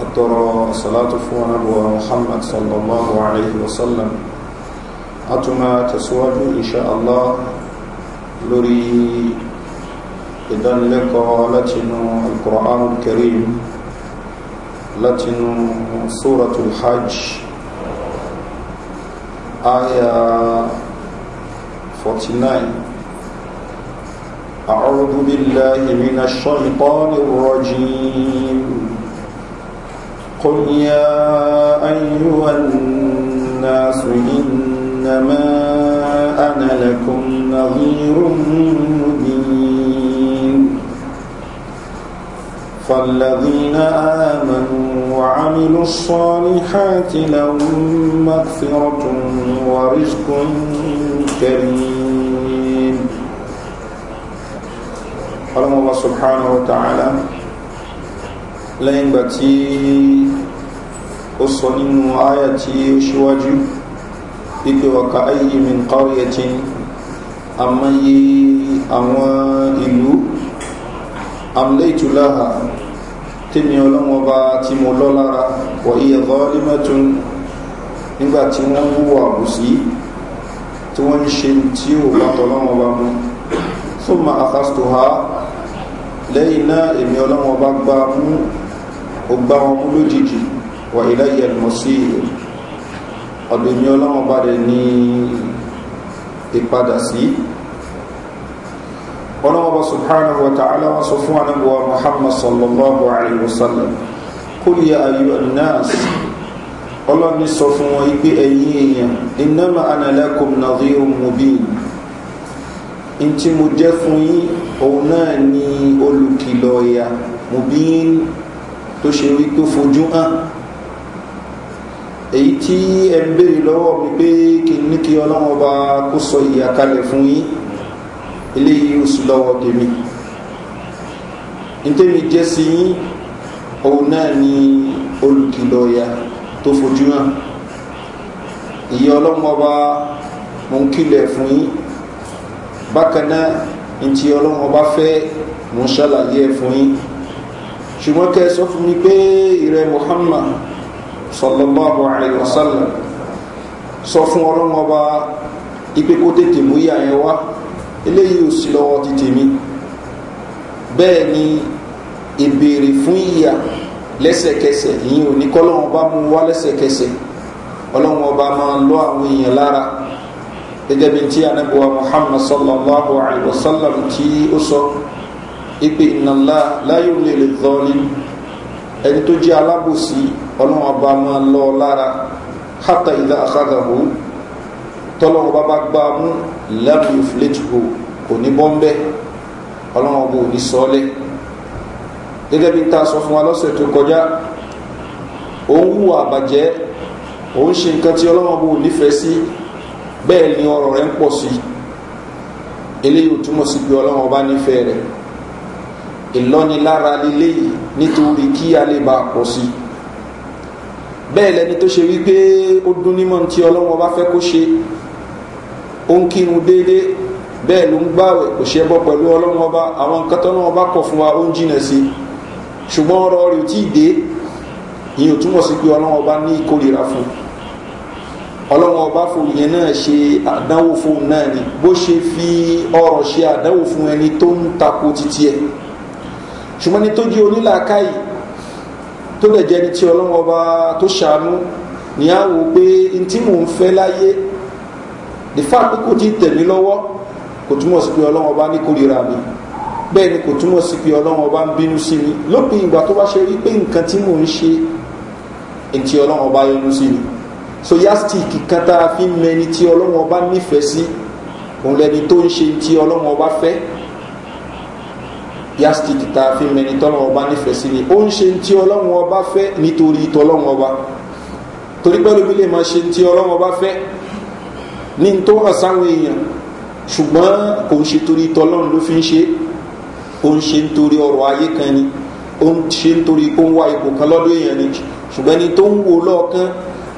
أترى صلاة فون أبو محمد صلى الله عليه وسلم أتما تسواج إن شاء الله لري إذن لك لتن القرآن الكريم لتن سورة الحج آية 49 أعوذ بالله من الشيطان الرجيم قل يا أيها الناس إنما أنا لكم نظير مبين فالذين آمنوا وعملوا الصالحات لهم مغفرة ورزق كريم قال الله سبحانه وتعالى lẹ́yìn ìgbà tí ó sọ nínú àyà tí ó ṣíwájú wípé ọ̀ka ayé mi ń kọ́rí ẹ̀tí àmọ́yé àwọn ìlú àmìlẹ́ ìtùláhà tèmi ọlọ́wọ́n bá ti mọ lọ́lára wọ̀ iye zọ́ọ́límẹ́tún nígbà tí wọ́n wúwà bùsí tí wọ́n ń ṣe tí ò bá tọ́lọ́wọ́n bá mú fún ma ha lẹ́yìn náà èmi ọlọ́wọ́n bá gbá mú ó gbá wọn mú lójijì wà iláyà lọ sí ọ̀dọ̀ mi ọlọ́wọ́n bá rẹ̀ ní ìpadà sí ọlọ́wọ́n bá subhanahu wa ta'ala wọn sọ fún anábọ̀ muhammad sallallahu alayhi wa sallam kó yẹ ayọ̀ nurse ọlọ́ni sọ fún wọn pé ẹ̀yìn èèyàn iná ma anàlẹ́kùn nàdírù mobin in tí mo jẹ́ fún yí òun náà ni olùkìlọ̀ ẹ̀yà mobin tó ṣe wí tó fojú hàn èyí tí ẹ ń béèrè lọ́wọ́ mi pé kí n ní kí ọlọ́wọ́ bá kó sọ ìyà kalẹ̀ fún yín eléyìí oṣù lọ́wọ́ tèmi ntẹ́mi jẹ́ sí yín òun náà ni olùkìlọ̀ ìyà tó fojú hàn ìyá ọlọ́wọ́ bá mo ń kílẹ̀ fún yín bákan náà ntí ọlọ́wọ́ bá fẹ́ mo ń ṣàlàyé ẹ̀ fún yín ṣùgbọ́n kẹ́ sọ fún mi pé ìrẹ muhammad sallallahu alayhi wa sallam sọ fún ọlọ́run ọba ipe kó tètè mú ìyá yẹn wá eléyìí ò sí lọ́wọ́ ti tèmi bẹ́ẹ̀ ni ìbèrè fún ìyá lẹ́sẹ̀kẹsẹ̀ ìyẹn ò ní kọ́lọ́run ọba mú wá lẹ́sẹ̀kẹsẹ̀ ọlọ́run ọba máa lọ àwọn èèyàn lára gẹ́gẹ́ bí ti anabiwa muhammad sallallahu alayhi wa sallam tí ó sọ ipe ìnàlá láyò lè lè zọ́ọ́lì ẹni tó jẹ́ alábòsí ọlọ́run ọba máa lọ lára hátà ìdá àkàdàbò tọ́lọ́run bá bá gbá mú lábì fúlẹ́tìkò kò ní bọ́ńbẹ́ ọlọ́run ọba ò ní sọ́ọ́lẹ̀ gẹ́gẹ́ bí ta sọ fún wa lọ́sẹ̀ tó kọjá òun hùwà àbàjẹ́ òun ṣe nǹkan tí ọlọ́run ọba nífẹ̀ẹ́ sí bẹ́ẹ̀ ni ọ̀rọ̀ rẹ̀ ń pọ̀ sí eléyìí ò túmọ̀ sí pé ọlọ́run ọba nífẹ̀ẹ́ rẹ̀ ìlọ́nilára lélẹ́yìí nítorí kí a lè bá pọ̀ sí i bẹ́ẹ̀ lẹni tó ṣe wípé ó dún nímọ̀ tí ọlọ́wọ́ bá fẹ́ kó ṣe ó ń kírun déédéé bẹ́ẹ̀ ló ń gbàwẹ̀ kò ṣe bọ́ pẹ̀lú ọlọ́wọ́ bá àwọn nǹkan tọ́lọ́wọ́ bá kọ̀ fún wa ó ń jìnà sí i ṣùgbọ́n ọ̀rọ̀ rẹ̀ ò tí ì dé ìyẹn ò túmọ̀ sí pé ọlọ́wọ́ bá ní ìkórira fún un ọlọ́wọ́n ọba fún yẹn náà ṣe àdánwò fún un náà ni bó ṣe fi ọrọ̀ ṣe àdánwò fún ẹni tó ń tako títí ẹ̀ ṣùgbọ́n ní tó jí onílàákàyè tó dẹ̀ jẹ́ ní ti ọlọ́wọ́ bá tó ṣàánú ní á wò pé n tí mò ń fẹ́ láyé the fact pé kò tí ì tẹ̀mí lọ́wọ́ kò túmọ̀ sí pé ọlọ́wọ́ bá ní kórìíra mi bẹ́ẹ̀ ni kò túmọ̀ sí pé ọlọ́wọ́ bá ń bínú sí mi lópin ìgbà tó bá ṣe rí pé nǹkan tí mò ń ṣe n tí ọlọ́wọ́ bá sí mi so yastik kan tá a fi mẹni tí ọlọ́wọ́ bá nífẹ̀ẹ́ sí òun lẹni tó ń ṣe ti ọlọ́wọ́ bá yastik tá a fi mẹni tọ́lọ́wọ́ ọba nífẹ̀ẹ́ sí ni ó ń ṣe ti ọlọ́run ọba fẹ́ nítorí tọ́lọ́run ọba torí pẹ́lú bí lè máa ṣe ti ọlọ́run ọba fẹ́ ní tó hàn sáwọn èèyàn ṣùgbọ́n kò ń ṣe torí tọ́lọ́run ló fi ń ṣe ó ń ṣe nítorí ọrọ̀ ayé kan ni ó ń ṣe nítorí kó ń wá ipò kan lọ́dọ̀ èèyàn ni ṣùgbọ́n ẹni tó ń wo lọ́ọ̀kan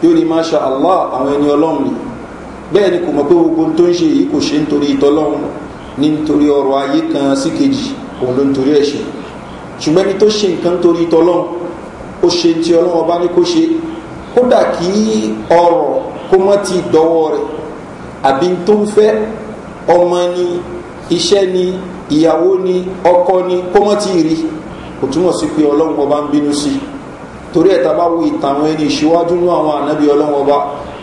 yóò ní máa allah àwọn ẹni ọlọ́run ni bẹ́ẹ̀ ni kò mọ̀ pé gbogbo tó ń ṣe yìí kò ṣe nítorí tọ́lọ́run ní nítorí ọrọ̀ ayé kan òun ló ń torí ẹ̀ ṣe ṣùgbọ́n ẹni tó ṣe nǹkan torí tọ́lọ́n ó ṣe ti ọlọ́wọ́n bá ní kó ṣe kódà kí ọrọ̀ kó mọ́ ti dọ́wọ́ rẹ̀ àbí tó ń fẹ́ ọmọ ni iṣẹ́ ni ìyàwó ni ọkọ ni kó mọ́ ti rí kò túmọ̀ sí pé ọlọ́run ọba ń bínú sí torí ẹ̀ tá wo ìtàn ẹni ìṣíwájú ní àwọn ànábì ọlọ́run ọba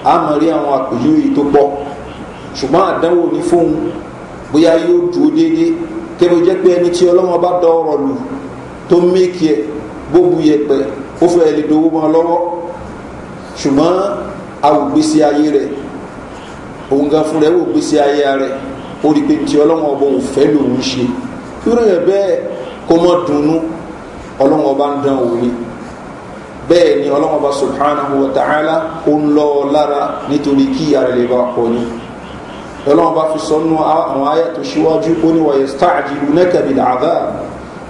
a mọ̀ rí àwọn àpèjúwe tó pọ̀ ṣùgbọ́n àdánwò ní fóun bóyá yóò dúró déédéé kébò jẹ́ pé ẹni tí ọlọ́wọ́n bá dọ ọ̀rọ̀ lù tó méèkì ẹ̀ gbóbu yẹpẹ̀ ó fẹ́ ẹ̀ lè dowó mọ́ lọ́wọ́ ṣùgbọ́n awùgbésí ayé rẹ̀ òun gan fún rẹ̀ wògbésí ayé rẹ̀ ó rí pé tí ọlọ́wọ́n ọba òun lòun ṣe irú rẹ̀ bẹ́ẹ̀ kó mọ́ dunnú ọlọ́wọ́n ń dán òun ni bẹ́ẹ̀ ni ọlọ́wọ́n ọba subhanahu wa ta'ala ó ń lọ lára nítorí kí ìyá rẹ̀ lè bá pọ̀ ni lọ́lọ́wọ́n bá fi sọnù àwọn ayé tó ṣíwájú ó ní wọ̀nyẹ stáàjìlú nẹ́kẹ̀bì làbá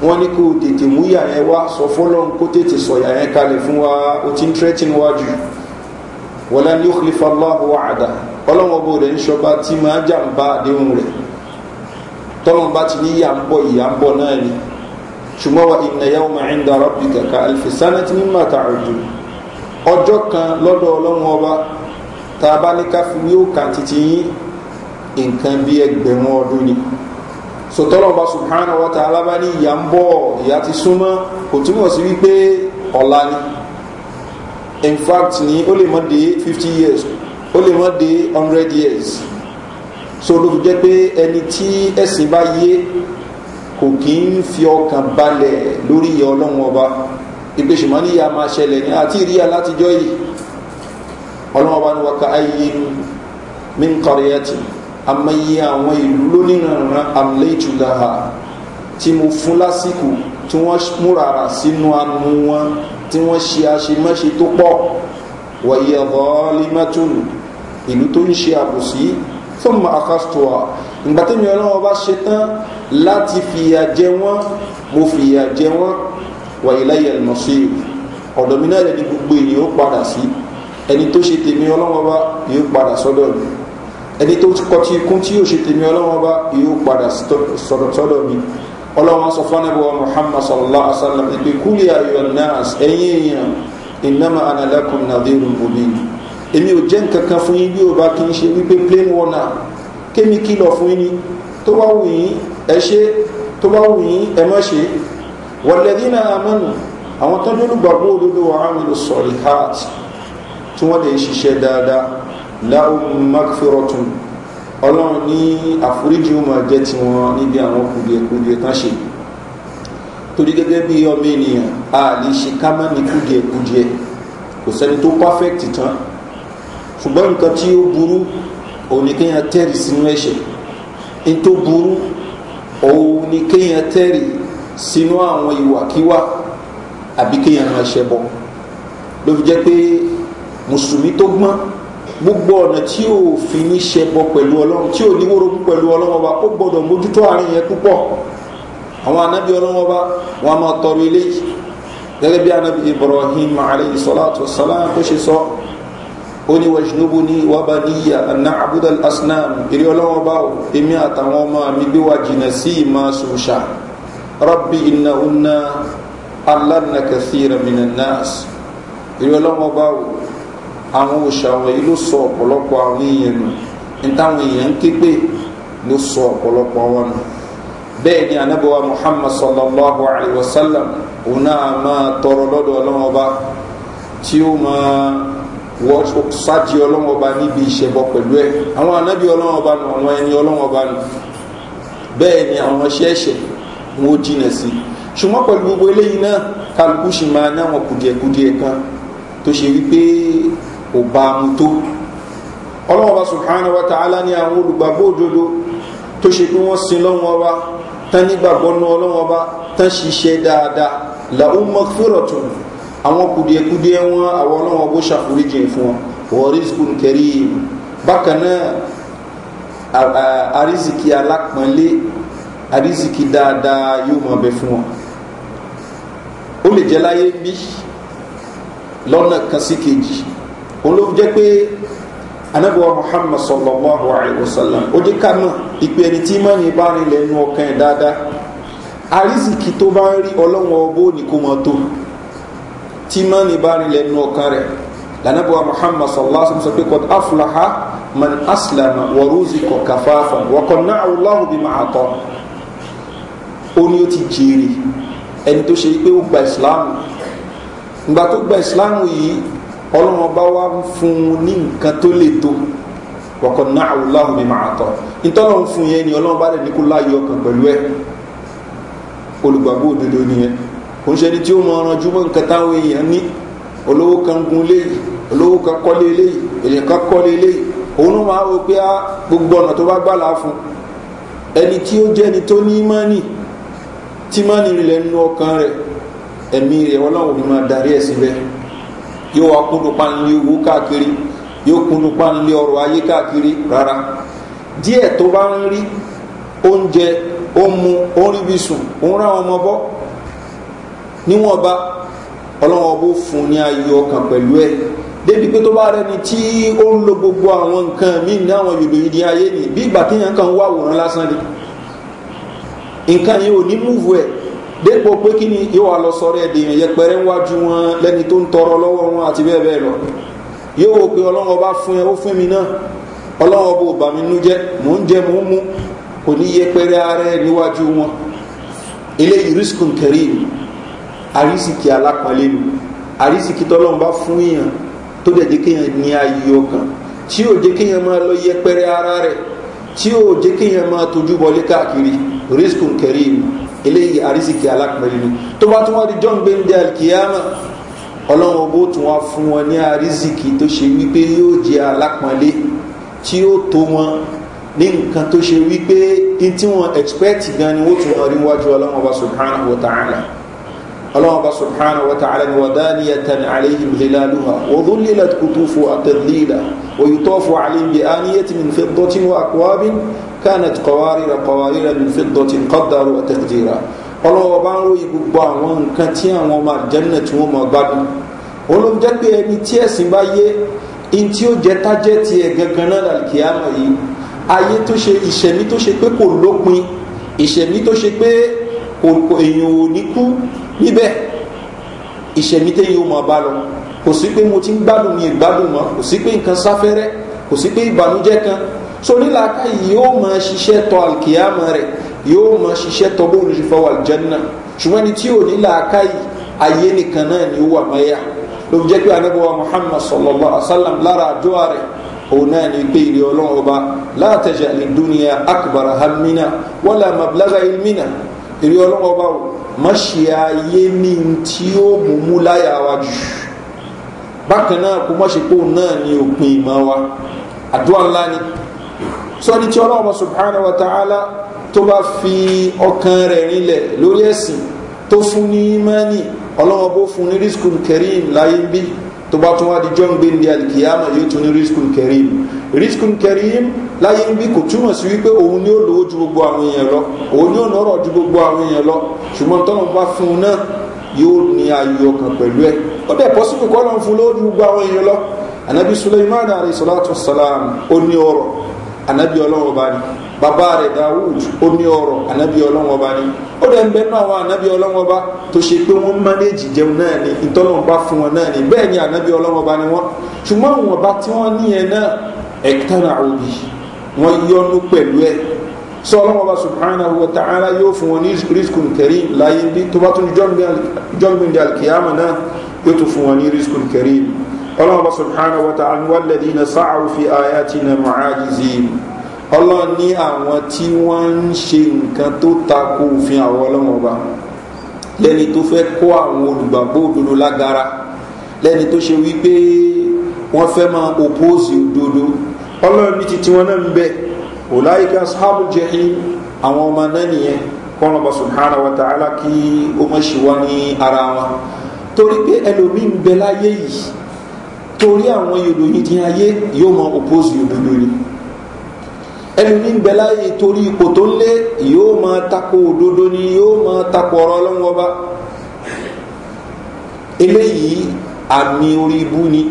wọ́n ní kó tètè mú yà yẹn wá sọ fọ́lọ́n kó tètè sọ yà yẹn kalẹ̀ fún wa ó ti ń tẹ́tì níwájú wọ́lá ní òkèlèfà lọ́wọ́ àdá ọlọ́wọ́n bó rẹ̀ ń ṣọba tí máa jàǹbá àdéhùn rẹ̀ tọ́lọ́n bá ti ní yà ń bọ̀ ìyà ń bọ̀ náà ni ṣùgbọ́n wa ìnàyà ọmọ ẹ̀ńdà rọ́bì kàkà nǹkan bí ẹgbẹ̀rún ọdún ni sọtọ́lọ́ba subhanahu wa ta'ala bá ní yati suma bọ̀ ìyá ti súnmọ́ kò in fact ni ó lè mọ́ de fifty years ó lè mọ́ de hundred years so ló fi jẹ́ pé ẹni tí ẹ̀sìn bá yé kò kí ń fi ọkàn balẹ̀ lórí ìyá ọlọ́run ọba ìgbésùmọ́ ní ìyá máa ṣẹlẹ̀ ní àti ìríyà látijọ́ yìí ọlọ́run ọba ni wàkà ayé mi ń kọrin ẹ̀ àmọye àwọn ìlú lóníranran àmìlẹ́jùlára tí mo fún lásìkò tí wọ́n múrara sínú anu wọn tí wọ́n ṣe àṣemáṣe tó pọ̀ wọ̀nyí ọ̀dọ́ limatulu ìlú tó ń ṣe àbòsí fún makastoa ìgbà tí mi ọlọ́wọ́ bá ṣe tán láti fìyà jẹ wọ́n mo fìyà jẹ wọ́n wọ̀nyí láyé ẹ̀lmọ́síìrì ọ̀dọ̀ mi náà lẹ́ni gbogbo ènìyàn padà sí ẹni tó ṣe tèmi ọlọ́wọ́ bá yóò padà sọ́dọ̀ mi ẹni tó kọ tí ikún tí yóò ṣe tèmi ọlọ́wọ́n bá yóò padà sọ̀dọ̀tọ́dọ̀ mi ọlọ́wọ́n sọ fún ẹbí wa muhammad sallallahu alaihi wa sallam ìpè kúlì ayọ̀ nas ẹ̀yìn èèyàn ìnáma analakun nadiru obin èmi ò jẹ́ nǹkan kan fún yín bí ó bá kí n ṣe wípé plain warner kémi kìlọ̀ fún yín tó bá wù yín ẹ ṣe tó bá wù yín ẹ má ṣe wàlẹ́dínà amánu àwọn tó ń lólùgbàgbọ́ òdodo wa amílù sọ̀rì heart tí wọ́n lè ṣiṣẹ́ dáadáa láhùn makfirotun ọlọ́run ní àforíjì ó máa jẹ́ tiwọn níbi àwọn kùdìẹ̀kùdìẹ̀ kan ṣe torí gẹ́gẹ́ bí ọmọ ènìyàn a lè ṣe ká má ní kùdìẹ̀kùdìẹ̀ kò sẹ́ni tó pàfẹ́kìtì tán ṣùgbọ́n nǹkan tí ó burú òun ni kéèyàn tẹ́rì sínú ẹ̀ṣẹ̀ ní tó burú òun ni kéèyàn tẹ́rì sínú àwọn ìwàkiwà àbí kéèyàn máa ṣẹbọ ló fi jẹ́ pé mùsùlùmí tó gbọ́n gbogbo ọ̀nà tí ò fi ní ṣẹbọ pẹ̀lú ọlọ́run tí ò ní wórogún pẹ̀lú ọlọ́run ọba ó gbọ́dọ̀ mójútó àárín yẹn púpọ̀ àwọn anábì ọlọ́run ọba wọn a máa tọrọ eléyìí gẹ́gẹ́ bí anábì ibrahim alayhi salatu salam tó ṣe sọ ó ní wàjúnúbù ní wàbá níyà aná abudul asnam eré ọlọ́run ọba o èmi àtàwọn ọmọ mi gbé wa jìnnà sí ìmọ̀ sòṣà rabbi ìnáwó ná alánàkàsí raminannas eré ọlọ́run ọba o àwọn òòṣà wọ̀nyí ló sọ ọ̀pọ̀lọpọ̀ àwọn èèyàn nù nítawọn èèyàn ń ké pé ló sọ ọ̀pọ̀lọpọ̀ wọn nù bẹ́ẹ̀ ni anábọ̀wá muhammad sallallahu alayhi wa sallam òun náà máa tọrọ lọ́dọ̀ ọlọ́wọ́n ọba tí ó máa wọ sáàjì ọlọ́wọ́n ọba níbi ìṣẹ̀bọ pẹ̀lú ẹ̀ àwọn anábì ọlọ́wọ́n ọba nù àwọn ẹni ọlọ́wọ́n ọba nù bẹ́ẹ̀ ni àwọn ṣẹ́ẹ̀ṣẹ̀ wọn ó jìnà sí ṣùgbọ́n pẹ̀lú gbogbo eléyìí náà kálukú sì máa ní àwọn kùdìẹ̀kùdìẹ̀ kan tó ṣe wípé kò bá a mú tó ọlọ́wọ́n bá subhanahu wa ta'ala ní àwọn olùgbàgbọ́ òdodo tó ṣe pé wọ́n sin lọ́wọ́n ọba tán nígbàgbọ́ nú ọlọ́wọ́n ọba tán ṣiṣẹ́ dáadáa làwọn mọ̀kúrọ̀ tó àwọn kùdìẹ̀kùdìẹ̀ wọn àwọn ọlọ́wọ́n bó ṣàforíjì fún wọn wọ́rísìkún kẹrí bákan náà àrísìkì alápọ̀nlé àrísìkì dáadáa yóò mọ̀ bẹ fún wọn ó lè jẹ́ láyé bí lọ́nà kan sí kejì olóhùn jẹ́ pé anabiwa muhammad sallallahu alayhi wa sallam ó jẹ́ ká mọ̀ ìpè ẹni tí mọ̀ ní bá rin lẹ́nu ọkàn ẹ̀ dáadáa arísìkì tó bá ń rí ọlọ́run ọbó ní kó mọ tó tí mọ́ bá rí lẹ́nu ọkàn rẹ̀ lànàbọ̀wá muhammad sallallahu alaihi wa sallam pé kọ́d aflaha man aslama wọ́rọ́sì kọ́ káfáfà wọ́kọ́ náà ọlọ́run bí máa tọ́ ó ní ó ti jèrè ẹni tó ṣe pé ó gba islam ìgbà gba islam yìí ọlọ́wọ́n bá wá fún un ní nǹkan tó lè tó wọ́kọ̀ náà láhùn mi máa tọ̀ ìtọ́lọ̀ fún yẹn ni ọlọ́wọ́n bá lè ní kó láyé ọkàn pẹ̀lú ẹ̀ olùgbàgbọ́ òdodo nìyẹn kò ń ṣe ni tí ó mọ ọ̀ràn júmọ́ nǹkan táwọn èèyàn ní olówó kan gun léyìí olówó kan kọ́lé léyìí èèyàn kan kọ́lé léyìí òun ló máa wọ pé á ah, gbogbo ọ̀nà tó bá gbà láà fún ẹni tí ó jẹ́ ni tó ní mọ́nì tí mọ́nì rẹ̀ nínú ọkàn rẹ̀ ẹ̀mí rẹ̀ ọlọ́run ni máa darí ẹ̀ síbẹ̀ yóò wá kúndùn pánlé owó káàkiri yóò kúndùn pánlé ọrọ̀ ayé káàkiri rárá díẹ̀ tó bá ń rí oúnjẹ ó ń mu ó ń ríbi sùn ó ń ráwọn ọmọ bọ́ níwọ̀nba ọlọ́wọ́n bó fún ní ayọ̀ ọkàn pẹ̀lú ẹ̀ débi pé tó bá rẹni tí ó ń lo gbogbo àwọn nǹkan míì ní àwọn yòdò yìí di ayé ni bí ìgbà téèyàn kan wá àwòrán lásán ni nǹkan yìí ò ní múvu ẹ̀ dépò pé kí ni yóò wá lọ sọ̀rọ̀ ẹ̀dìyàn yẹpẹrẹ ń wájú wọn lẹ́ni tó ń tọrọ lọ́wọ́ wọn àti bẹ́ẹ̀ bẹ́ẹ̀ lọ yóò wò pé ọlọ́wọ́ bá fún ẹ ó fún mi náà ọlọ́wọ́ bó bà mí nú jẹ́ mò ń jẹ mò ń mú kò ní yẹpẹrẹ ara ẹ níwájú wọn eléyìí riskun karim àrísìkì alápàlélu àrísìkì tọ́lọ́n bá fún èèyàn tó dẹ̀ jẹ́ kéèyàn ní ayé ọkàn tí yóò jẹ́ kéèyàn máa lọ yẹpẹrẹ ara rẹ̀ tí yóò jẹ́ kéèyàn máa tójú bọlé káàkiri riskun karim eléyìí àrísìkì alápẹ̀rẹ̀ ni tó bá tún wá di john gbẹ̀ndẹ̀ alkiyama ọlọ́run ọgbó tún wá fún wọn ní àrísìkì tó ṣe wípé yóò jẹ́ alápọ̀nlé tí ó tó wọn ní nǹkan tó ṣe wípé in tí wọn expect gan ni wọ́n tún wọn rí wájú ọlọ́run ọba subhanahu wa ta'ala ọlọ́run ọba subhanahu wa ta'ala ni wọ́n dání ẹ̀tàn àlẹ́yìn hilaluha wọ́n dún lílẹ̀ kutufu àtẹ̀lílà òyìtọ́fù àlẹ́yìn bí a níyẹ́ tí mi fẹ́ dọ́tí wọn àkọ́wábí كانت قوارير قوارير من فضة قدر تقديرا ọlọ́wọ́ bá ń ròyìn gbogbo وما nǹkan tí àwọn ọmọ àjẹ́nà tí wọ́n mọ̀ gbádùn olóhùn jẹ́ pé ẹni tí ẹ̀sìn bá yé in tí ó jẹ́ tájẹ́ ti ẹ̀ gangan náà làlùkìyàmà yìí ayé tó ṣe ìṣẹ̀mí tó ṣe pé kò lópin ìṣẹ̀mí tó ṣe pé èèyàn ò ní kú níbẹ̀ ìṣẹ̀mí téèyàn ò mọ̀ bá lọ kò sí pé mo ti ń gbádùn mi ìgbádùn mọ́ kò sí pé nǹkan sáfẹ́rẹ́ kò sí pé ìbànújẹ́ kan so nílàáká yìí yóò máa ṣiṣẹ́ tọ alkiyama rẹ̀ yóò máa ṣiṣẹ́ tọ bóun ṣe fọwọ́ aljanna ṣùgbọ́n ní tí ò nílàáká yìí ayé nìkan náà ni ó wà mẹ́yà ló fi jẹ́ pé anábọ̀wá muhammad sallallahu alaihi wa sallam lára àdúrà rẹ̀ òun náà ni pé ìrè ọlọ́run ọba látẹ̀jà ìdúnìyà akbara hamina wọ́lá mablaga ilmina ìrè ọlọ́run ọba o ṣe ayé ní tí ó mú láyà wa jù bákan náà kó má ṣe pé òun náà ni òpin ìmọ̀ wa àdúrà ńlá ni sọ́ni tí ọlọ́run subhanahu wa ta'ala tó bá fi ọkàn rẹ̀ rinlẹ̀ lórí ẹ̀sìn tó fún ní mẹ́ni ọlọ́run bó fún ní rizkun karim láyé bí tó bá tún wá di john gbendi alikiyama yóò tún ní rizkun karim rizkun karim láyé bí kò túmọ̀ sí wípé òun ni ó lówó ju gbogbo àwọn èèyàn lọ òun ni ó nọ̀rọ̀ ju gbogbo àwọn èèyàn lọ ṣùgbọ́n tọ́nà bá fún un náà yóò ní ayò ọkàn pẹ̀lú ẹ̀ ó dẹ̀ pọ́sibú kọ́ anabi ọlọ́run ọba ni bàbá rẹ̀ dawud omi ọ̀rọ̀ anabi ọlọ́run ọba ni ó dẹ̀ ń bẹ nínú àwọn anabi ọlọ́run ọba tó ṣe pé wọ́n mánéèjì jẹun náà ni ìtọ́lọ́run bá fún wọn náà ni bẹ́ẹ̀ ni anabi ọlọ́run ọba ni wọ́n ṣùgbọ́n àwọn ọba tí wọ́n ní yẹn náà ẹ̀kítánà òbí wọ́n yọnu pẹ̀lú ẹ̀ sọ ọlọ́run ọba subhanahu wa ta'ala yóò fún wọn ní riskun karim láyé bí tó bá tún jọ́ngbìn alkiyama náà yóò tún fún wọn ní riskun karim ọlọ́ọ̀bá subhanahu wa ta'ala walladhina sa'u fi ayatina mu'ajizin ọlọ́ọ̀ ní àwọn tí wọ́n ń ṣe nǹkan tó tako òfin àwọn ọlọ́mọba lẹ́ni tó fẹ́ kó àwọn olùgbàgbọ́ òdodo lágara lẹ́ni tó ṣe wípé wọ́n fẹ́ máa òpóòsì òdodo ọlọ́ọ̀ ní titi wọn náà ń bẹ ọláìka ashabu jahim àwọn ọmọ náà nìyẹn kọ́nàbà subhanahu wa ta'ala kí ó ní ara wọn torí pé ẹlòmíín bẹ láyé yìí torí àwọn yòdòyìn ti ayé yóò mọ oppose yòdòdò ni ẹlòmíín bẹ láàyè torí ipò tó ń lé yóò mọ tako òdodo ni yóò mọ tako ọ̀rọ̀ ọlọ́wọ́ bá eléyìí àmì orí ibú ni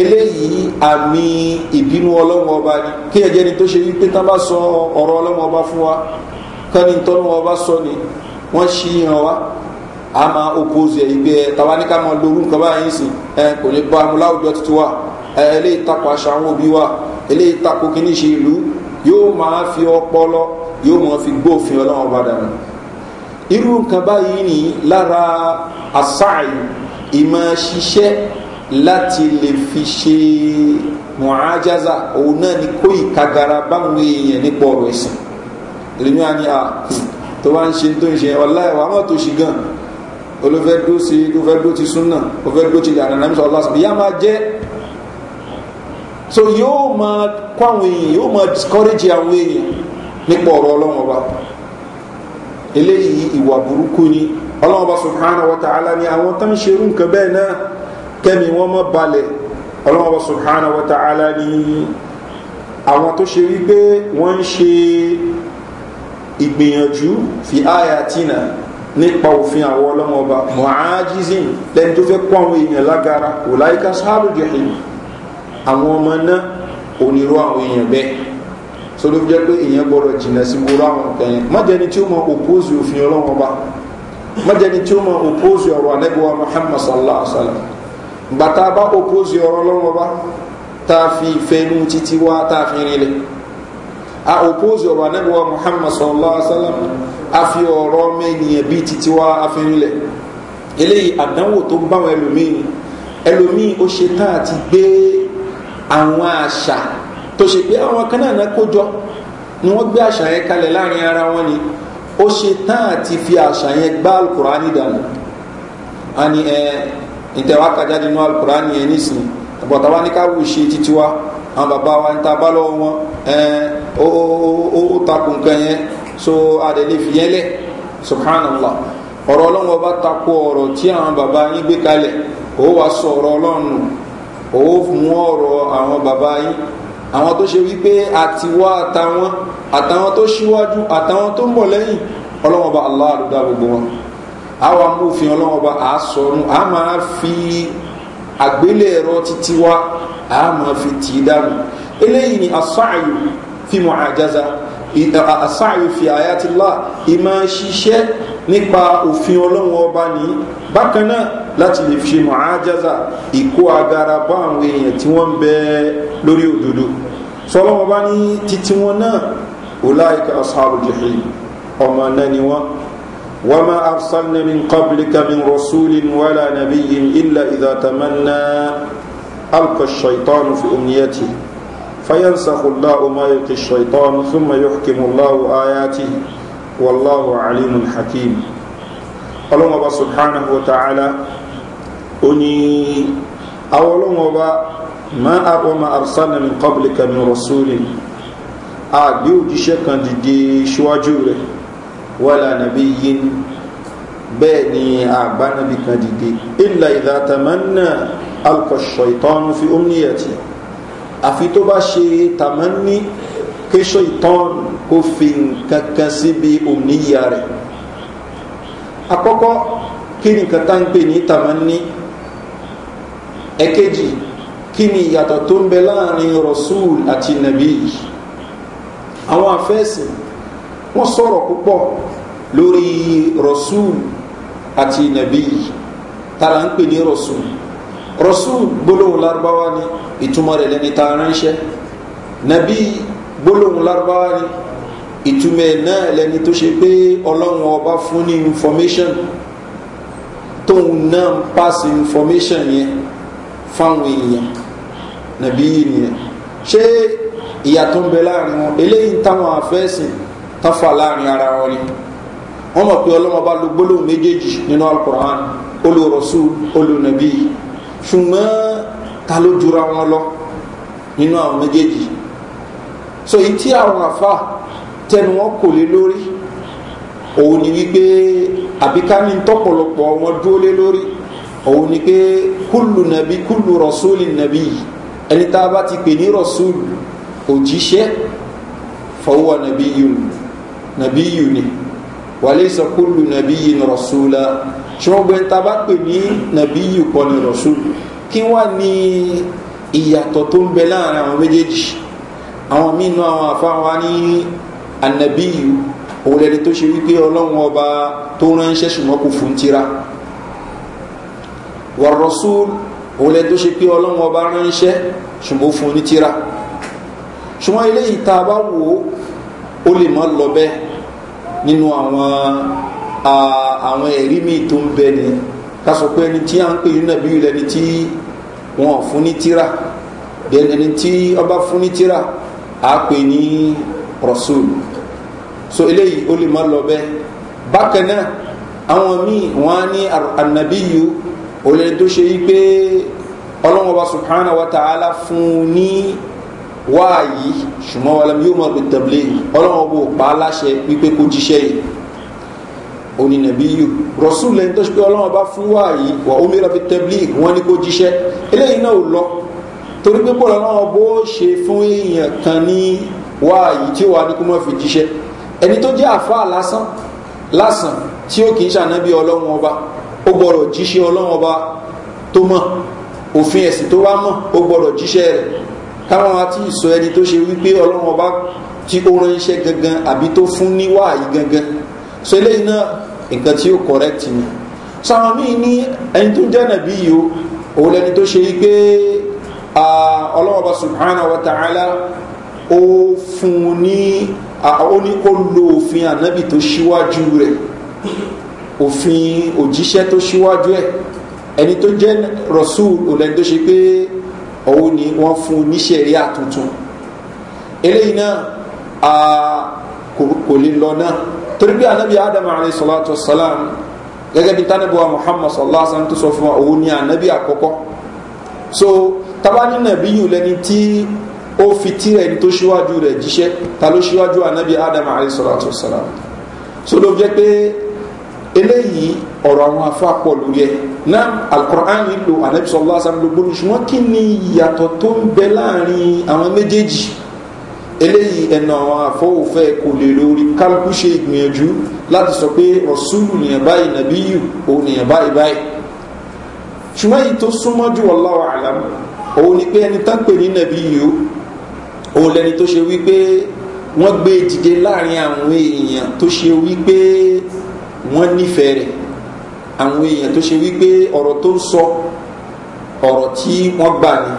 eléyìí àmì ìbínú ọlọ́wọ́ ni kí ẹ̀jẹ̀ ni tó ṣe wípé tá bá sọ ọ̀rọ̀ ọlọ́wọ́ fún wa kọ́ni tọ́lọ́wọ́ sọ ni wọ́n ṣí yan wa ama máa oppose ẹ̀ ìgbẹ́ tàwa ní ká máa lorú nǹkan báyìí sìn ẹ kò ní bá mu láwùjọ tuntun wa ẹ eléyìí takò àṣà àwọn òbí wa eléyìí takò kí ní ìlú yóò máa fi ọpọlọ yóò máa fi gbófin ọlọ́run padà nù irú nǹkan báyìí ni lára àṣàyè ìmọ̀ ṣiṣẹ́ láti lè fi ṣe mọ̀ájáza òun náà ni kó ìkagara báwọn èèyàn nípa ọ̀rọ̀ ẹ̀sìn èmi wá ní à tó bá ń ṣe tó ń ṣe ọ̀la ẹ̀wà mọ́tò ṣì gan olùfẹ́ dó sí tó fẹ́ dó ti súnà ó fẹ́ dó ti yàrá nàmísọ̀ ọlọ́sàn máa jẹ́ so yóò máa kó àwọn èèyàn yóò máa discourage àwọn èèyàn nípa ọ̀rọ̀ ọlọ́wọ́n ọba eléyìí ìwà burúkú ni ọlọ́wọ́n ọba subhana wa ta'ala ni àwọn tó ń ṣerú nǹkan bẹ́ẹ̀ náà kẹ́mi wọ́n mọ́ balẹ̀ ọlọ́wọ́n ọba subhana wa ta'ala ni àwọn tó ṣe wípé wọ́n ń ṣe ìgbìyànjú fi áyà tìǹà nípa òfin àwọn ọlọ́wọ́n ọba mọ̀ájísìn lẹ́ni tó fẹ́ kó àwọn èèyàn lágara òláìka sáàbù jẹ̀hìn àwọn ọmọ náà onírú àwọn èèyàn bẹ́ẹ̀ so ló jẹ́ pé èèyàn gbọ́dọ̀ jìnà sí gbogbo àwọn nǹkan yẹn tí ó mọ òpóòsì òfin ọba tí ó mọ òpóòsì ọ̀rọ̀ anẹ́gbẹ̀wá sallallahu wa sallam bá òpóòsì ọ̀rọ̀ ọba tá a fi a òpóòsì ọ̀rọ̀ anábíwá muhammad sallallahu alaihi wa sallam a fi ọ̀rọ̀ mẹ́niyàn bíi titi wá afẹ́rinlẹ̀ eléyìí àdánwò to ń báwọn ẹlòmíì ẹlòmíì ó ṣe tán àti gbé àwọn àṣà tó ṣe pé àwọn kan ni won gbe àṣà yẹn kalẹ̀ ara wọn ni o se tán ti fi àṣà yẹn gbá alukurani dànù a àwọn bàbá wa ń ta bá lọ́wọ́ wọn ó takò nǹkan yẹn so adẹ̀lẹ̀ fi yẹn lẹ̀ subhanallah ọ̀rọ̀ ọlọ́run ọba takò ọ̀rọ̀ tí àwọn bàbá yín gbé kalẹ̀ ó wàá sọ ọ̀rọ̀ ọlọ́run nù ó àwọn bàbá yín àwọn tó ṣe wípé àtiwá àtàwọn àtàwọn tó ṣíwájú àtàwọn tó ń lẹ́yìn ọlọ́run ọba aláàlú dá gbogbo wọn àwọn amófin ọlọ́run ọba àásọ̀run àá fi àgbélé ẹ̀rọ títí wá a máa fi tì í dànù eléyìí ni asáàyù fi mọ̀ àjáza asáàyù fi àyàtìlá ìmọ̀ ṣiṣẹ́ nípa òfin ọlọ́run ọba ní bákan náà láti lè fi ṣe mọ̀ àjáza ìkó agara bá àwọn èèyàn tí wọ́n ń bẹ lórí òdodo sọlọ́wọ́n bá ní títí wọn náà ọláìka asáàbù jẹ̀hìn ọmọ náà ni wọ́n وما أرسلنا من قبلك من رسول ولا نبي إلا إذا تمنى ألقى الشيطان في أمنيته فينسخ الله ما يلقي الشيطان ثم يحكم الله آياته والله عليم حكيم الله سبحانه وتعالى أني أولون ما وما أرسلنا من قبلك من رسول أعدي وجيشك دي شواجوره wàlà nàbí yín bẹ́ẹ̀ ni àbánabi kan dìde ilà ìdàtàmánà alkọ̀ṣọ̀ ìtọ́nu fi omniyàtì àfi tó bá ṣe tàmánì kéṣọ ìtọ́nu kó fi nǹkan kan síbi omniya rẹ̀ àkọ́kọ́ kí ni nǹkan tá ń pè ní tàmánì ẹ̀kejì kí ni ìyàtọ̀ tó ń bẹ láàrin rọ̀ṣúùl àti nàbí àwọn afẹ́sìn wọ́n sọ̀rọ̀ púpọ̀ lórí rasul àti nàbí tara ń pè ní rasul rasul gbólóhùn larabawa ni ìtumọ̀ rẹ̀ lẹ́ni tá a ránṣẹ́ nàbí gbólóhùn larabawa ni ìtumọ̀ ẹ̀ náà lẹ́ni tó ṣe pé ọlọ́run ọba fún ní information tóun náà ń pass information yẹn fáwọn èèyàn nàbí yìí nìyẹn ṣé ìyàtọ̀ ń bẹ láàrin wọn eléyìí táwọn àfẹ́sìn tán fà láàrin ara wọn ni wọ́n mọ̀ pé ọlọ́mọba lo gbólóhùn méjèèjì nínú alukur'an olùrọ̀sù olùnàbí ṣùgbọ́n ta ló jura wọn lọ nínú àwọn méjèèjì so yìí tí àwọn àfa tẹnu wọn kò lé lórí òun ni wípé àbíkámi tọpọlọpọ wọn dúró lé lórí òun ni pé kúlù nàbí kúlù rọ̀súlì nàbí yìí ẹni tá a bá ti pè ní rọ̀súlù òjíṣẹ́ fọwọ́ nàbí yìí nàbíyù ni wàlẹ́sà kúlù nàbíyì ní rọ̀ṣúlá ṣùgbọ́n gbẹ́ ta bá pè ní nàbíyù kọ́ ní rọ̀ṣúlù kí wá ní ìyàtọ̀ tó ń bẹ láàrin àwọn méjèèjì àwọn mínú àwọn àfáwa ní ànàbíyù òun lẹni tó ṣe wípé ọlọ́run ọba tó ránṣẹ́ ṣùgbọ́n kò fún tira wà rọ̀ṣúlù òun tó ṣe pé ọlọ́run ọba ránṣẹ́ ṣùgbọ́n fún ní tira ṣùgbọ́n eléyìí tá a bá wò ó lè má lọ bẹ́ẹ̀ nínú àwọn àwọn ẹ̀rí míì tó ń bẹ nìyẹn ká sọ pé ẹni tí à ń pè ní nàbí ilẹ̀ ni tí wọn ò fún ní tíra bẹ́ẹ̀ ẹni tí ọba fún ní tíra à á pè ní rọ̀ṣùlù so eléyìí ó lè má lọ bẹ́ẹ̀ bákan náà àwọn míì wọn á ní ànàbíyù olè tó ṣe yí pé ọlọ́wọ́n wa subhanahu wa ta'ala fún un ní wáàyí ṣùgbọ́n wàlẹ́ yóò mọ̀ pé tẹ̀blé ọlọ́wọ́n bò pa á láṣẹ wípé kó jíṣẹ́ yìí onínàbíyù rọ̀sùn lẹ́yìn tó ṣe pé ọlọ́wọ́n bá fún wáàyí wà omi rẹ̀ fi tẹ̀blé wọ́n ní kó jíṣẹ́ eléyìí náà ò lọ torí pé bọ́ọ̀lù ọlọ́wọ́n bó ṣe fún èèyàn kan ní wáàyí tí ó wà ní kó mọ̀ fi jíṣẹ́ ẹni tó jẹ́ àfáà lásán lásán tí ó kì í ṣànábí ọlọ́wọ́n ọba ó gbọ́dọ̀ jíṣẹ́ ọlọ́wọ́n ọba tó mọ̀ òfin ẹ̀sìn tó wá mọ̀ ó gbọ́dọ̀ jíṣẹ́ rẹ̀ káwọn àti ìsọ ẹni tó ṣe wípé ọlọ́run ọba tí ó ránṣẹ́ gangan àbí tó fún ní wáàyí gangan so eléyìí náà nǹkan tí ó correct ni sáwọn míì ní ẹni tó jẹ́ nàbí yìí o òun lẹni tó ṣe wípé ọlọ́run ọba subhanahu wa ta'ala ó fún un ní ó ní kó lo òfin ànábì tó ṣíwájú rẹ̀ òfin òjíṣẹ́ tó ṣíwájú ẹ̀ ẹni tó jẹ́ rọ̀ṣù òun lẹni tó ṣe pé òun ni wọ́n fún oníṣẹ̀rí àtuntun eléyìí náà kò lè lọ náà torí bí anabi adam alayhi salatu wa salam gẹ́gẹ́ bí tánàbíwá muhammad sallallahu alayhi wa sallam tó sọ fún wa òun ni anabi àkọ́kọ́ so tabani nàbí yìí lẹni tí ó fi tirẹ̀ ní tó ṣíwájú rẹ̀ jíṣẹ́ ta ló ṣíwájú anabi adam alayhi salatu wa salam so ló jẹ́ pé eléyìí ọ̀rọ̀ àwọn afọ àpọ̀ lórí ẹ̀ náà alukur'an nílò anabi sọlá sàmúlò gbólú ṣùgbọ́n kí ni ìyàtọ̀ tó ń bẹ láàrin àwọn méjèèjì eléyìí ẹnu àwọn afọwọ́fẹ́ kò lè lórí kálukú ṣe ìgbìyànjú láti sọ pé rọ̀ṣúlù nìyẹn báyìí nàbí yù òun nìyẹn báyìí báyìí ṣùgbọ́n èyí tó súnmọ́ jù wọ́n láwọ̀ òun ni pé ẹni tán pè ní nàbí yù òun lẹni tó ṣe wípé wọ́n gbé dìde láàrin àwọn èèyàn tó ṣe wípé wọ́n nífẹ̀ẹ́ rẹ̀ àwọn èèyàn tó ṣe wípé ọ̀rọ̀ tó ń sọ ọ̀rọ̀ tí wọ́n gbà ní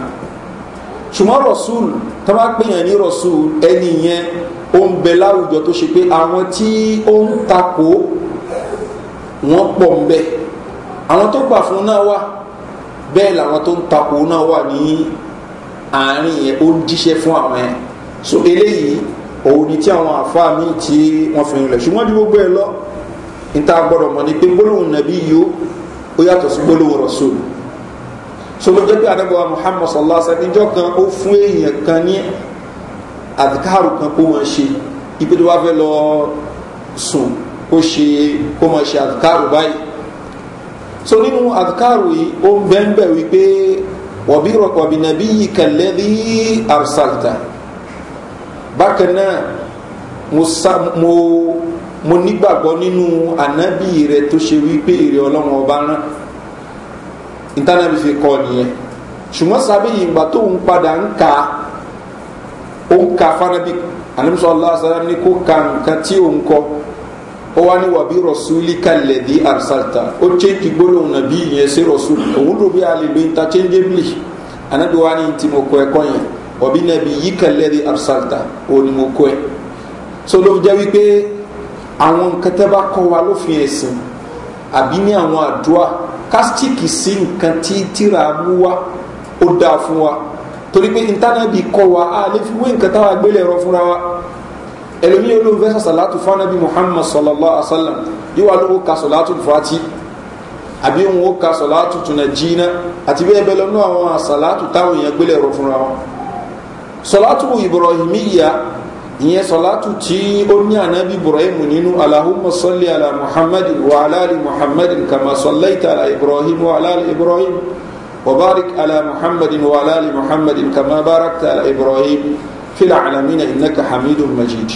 ṣùgbọ́n rọ̀súùl tó bá pèèyàn ní rọ̀súùl ẹni yẹn ó ń bẹ láwùjọ tó ṣe pé àwọn tí ó ń takò wọ́n pọ̀ ń bẹ àwọn tó gbà fún náà wà bẹ́ẹ̀ làwọn tó ń takò náà wà ní àárín yẹn ó ń jíṣẹ́ fún àwọn yẹn so eléyìí òun ni tí àwọn àfáà míì tí wọ́n fi rinlẹ̀ ṣùgbọ́n ju gbogbo ẹ lọ níta gbọ́dọ̀ mọ̀ ní pé gbólóhùn nàbí yìí ó yàtọ̀ sí gbólóhùn rasul sọlọ jẹ́ pé anábọ̀wá muhammad sallallahu alaihi wa sallam níjọ́ kan ó fún èèyàn kan ní àdìkárù kan kó wọn ṣe ibi tó bá fẹ́ lọ sùn kó ṣe kó wọn ṣe àdìkárù báyìí so nínú àdìkárù yìí ó ń bẹ́ẹ̀ bẹ́ẹ̀ wípé wàbí wàbí nàbí yìí kàlẹ́ bí arsalta bákan náà mo mo nígbàgbọ́ nínú ànábì rẹ tó ṣe wípé èrè ọlọ́run ọba rán ìtànàbí fi kọ́ nìyẹn ṣùgbọ́n sábẹ́ yìí ìgbà tó ń padà ń ka ó ń ka fanabi anamisa allah salam ni kó ka nǹkan tí ó ń kọ́ ó wá ní wàbí rọ̀súlì kalẹ̀ di arsalta ó chéńkì gbólóhùn nàbí yẹn sí rọ̀súlì òun ló bí a lè lo interchangeably anabi wa ni ti mo kọ́ ẹ̀kọ́ yẹn wàbí nàbí yí kalẹ̀ di arsalta òun ni mo kọ́ ẹ̀ so ló jẹ́ wípé àwọn nǹkan tẹ́ bá kọ́ wa lófin ẹ̀sìn àbí ní àwọn àdúrà kástíìkì sí nǹkan tí tíra mú wa ó dáa fún wa torí pé ìtànàbì kọ́ wa a lè fi wé nǹkan táwa gbélé ẹ̀rọ fúnra wa ẹlòmíì olóhùn fẹ́ sàṣàlátù fún muhammad sallallahu alaihi wa sallam yóò wá lówó ka sọ̀látù fúrátì àbí wọn ó ka sọ̀látù tùnà jìnnà àti bẹ́ẹ̀ bẹ́ẹ̀ lọ́nà àwọn àṣàlátù táwọn èèyàn gbélé ẹ̀rọ fúnra wọn sọ̀látù ibrahimiya ìyẹn sọlátù tí ó ní ànábì ibrahimu nínú alahumma sọlẹ ala muhammadu wa alali muhammadu kama sọlẹta ala ibrahimu wa alali ibrahimu wa barik ala muhammadu wa alali muhammadu kama barakta ala ibrahimu fila alamina innaka hamidu majid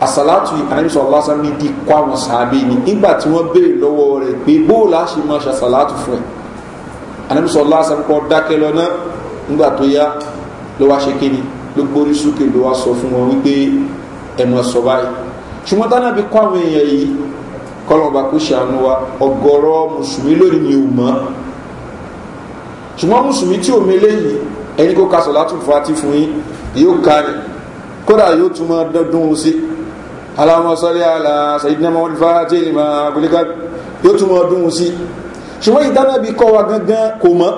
asalatu anabi sọ lásán ní di kó àwọn sàbẹ ni nígbà tí wọn béèrè lọwọ rẹ pé bóòlù àṣì máa ṣe asalatu fún ẹ anabi sọ lásán kọ dákẹ lọ náà nígbà tó yá ló wá kéde ló gbórí sókè ló wá sọ fún wọn wípé ẹ mọ̀ sọ báyìí ṣùgbọ́n tánà bí kọ́ àwọn èèyàn yìí kọ́lọ́ọ̀bá kó ṣàánú wa ọ̀gọ̀rọ̀ mùsùlùmí lórí mi ò mọ́ ṣùgbọ́n mùsùlùmí tí ò mele ẹni kó ka sọ̀lá tún fati fún yín yóò ka ni kódà yóò tún máa dún un sí aláwọ̀ sọ́lé àlà ṣèyídìí náà wọ́n fa jẹ́lì máa abúlé ká yóò tún máa dún un sí ṣùgbọ́n ìdáná bí kọ́ wa gangan kò mọ́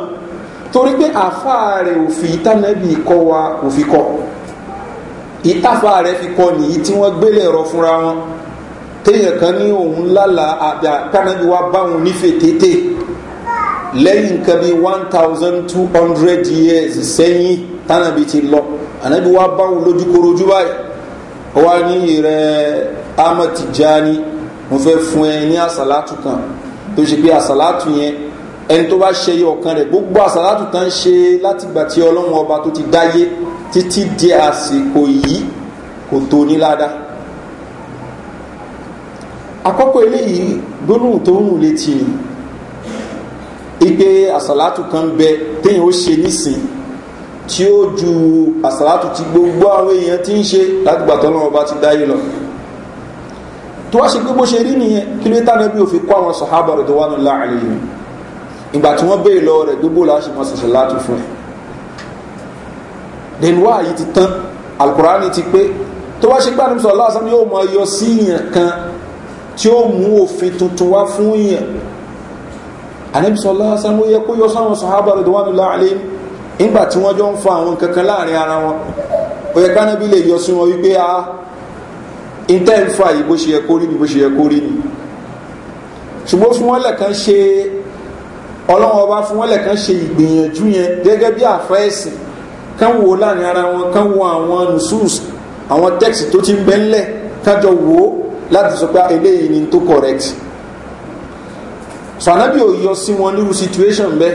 torí pé àfáà rẹ̀ òfin ìtànàbí kọ́ wa òfin kọ́ ìtàfáà rẹ̀ fi kọ́ nìyí tí wọ́n gbélé ẹ̀rọ fúnra wọn téèyàn kan ní òun lálà àtànàbí wa báwọn nífẹ̀ẹ́ tètè lẹ́yìn nǹkan bíi one thousand two hundred years sẹ́yìn tànàbí ti lọ ànàbí wa báwọn lójúkorojú báyìí wọ́n á ní ìrẹ́ amọ̀ tìjáni mo fẹ́ fún ẹ ní àsàlátù kan tó ṣe pé àsàlátù yẹn ẹni tó bá ṣe iye ọ̀kan rẹ̀ gbogbo àsàlátù tán ṣe látìgbà tí ọlọ́run ọba tó ti dáyé títí di àsìkò yìí kò tó ní ládàá àkọ́kọ́ eléyìí gbólóhùn tó ń létí ni ipe àsàlátù kan bẹ téèyàn ó ṣe nísìn tí ó ju àsàlátù tí gbogbo àwọn èèyàn ti ń ṣe látìgbà tí ọlọ́run ọba ti dáyé lọ tó wá ṣe pé bó ṣe rí nìyẹn kí ló tánà bí òfin kó àwọn sọ̀hábà rẹ̀ tó wà nù láàrin yìí ìgbà tí wọ́n béèrè lọ́wọ́ rẹ̀ gbogbo láṣẹ mọ́ ṣẹṣẹ láti fún ẹ̀ dẹ̀nuwá yìí ti tán alukurani ti pé tó wá ṣe gbàdúrà sọ lásán ni ó mọ ayọ sí yàn kan tí ó mú òfin tuntun wá fún yàn àníbísọ lásán ó yẹ kó yọ sáwọn sọ̀hábà rẹ̀ tó wà nílá àlẹ́ nígbà tí wọ́n jọ ń fa àwọn kankan láàrin ara wọn ó yẹ kánábí lè yọ sí wọn wípé a ìtẹ́ fa yìí bó ṣe yẹ kó rí ni bó ṣe yẹ kó rí ni ṣùgbọ́n fún wọn lẹ́ẹ̀kan ṣe ọlọ́wọ́n ọba fún wọ́lẹ̀ kan ṣe ìgbìyànjú yẹn gẹ́gẹ́ bí àfa ẹ̀sìn kán wo láàrin ara wọn kán wo àwọn nusus àwọn text tó ti ń bẹ́ ńlẹ̀ kájọ wò láti sọ pé eléyìí ni tó correct sànàbí ò yọ sí wọn nírú situation bẹ́ẹ̀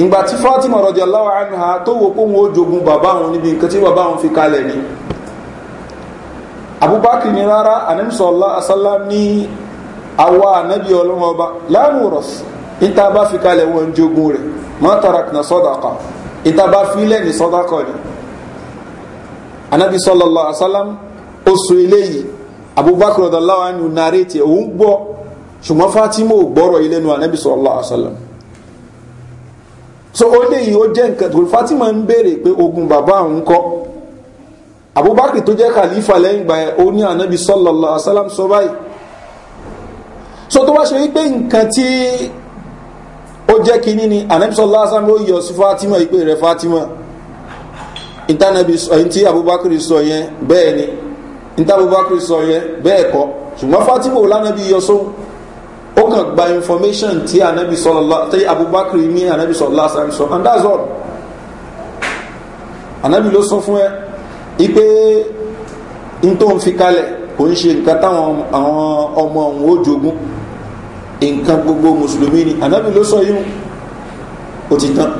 ìgbà tí fatima rọjà láwàá àná tó wo pé òun ó jogun bàbá òun níbi nǹkan tí bàbá òun fi kalẹ̀ ni abubakar ni rárá anamsọ̀lá asálám ní àwa ànábì ọlọ́wọ́n ọba lánàá rọ̀sì níta bá fi kalẹ̀ wọn jogun rẹ̀ mọ́tàràkìnà sọ́dàkà níta bá filẹ̀ ní sọ́dàkà ni anabi sallallahu alaihi wasallam ó sọ eléyìí abubakar ọ̀dọ̀láwà ni nàrètì òun gbọ́ ṣùgbọ́n fatima ò gbọ́rọ̀ ilé nu anabi sallallahu alaihi so ó léyìí ó jẹ́ nǹkan tó fatima ń béèrè pé ogun bàbá òun kọ́ abubakar tó jẹ́ khalifa lẹ́yìn gbà ẹ̀ ó ní anabi sallallahu alaihi sọ báyìí so tó bá ṣe wípé nǹkan tí ó jẹ́ kínní ni anẹ́bísọ̀ lásán ló yọ sí fatima ìpè rẹ̀ fatima ìtànàbí sọ yẹn tí abubakar sọ yẹn bẹ́ẹ̀ ni ìtà abubakar sọ yẹn bẹ́ẹ̀ kọ́ ṣùgbọ́n fatima ò lánàbí yọ sóhun ó kàn gba information tí anẹ́bísọ̀ lásán tí abubakar ní anẹ́bísọ̀ lásán sọ and that's all anabi ló sọ fún ẹ ipe n tó ń fi kalẹ̀ kò ń ṣe nǹkan táwọn ọmọ òun ó jogún nǹkan gbogbo mùsùlùmí ni ànábì ló sọ yìí ó ti tán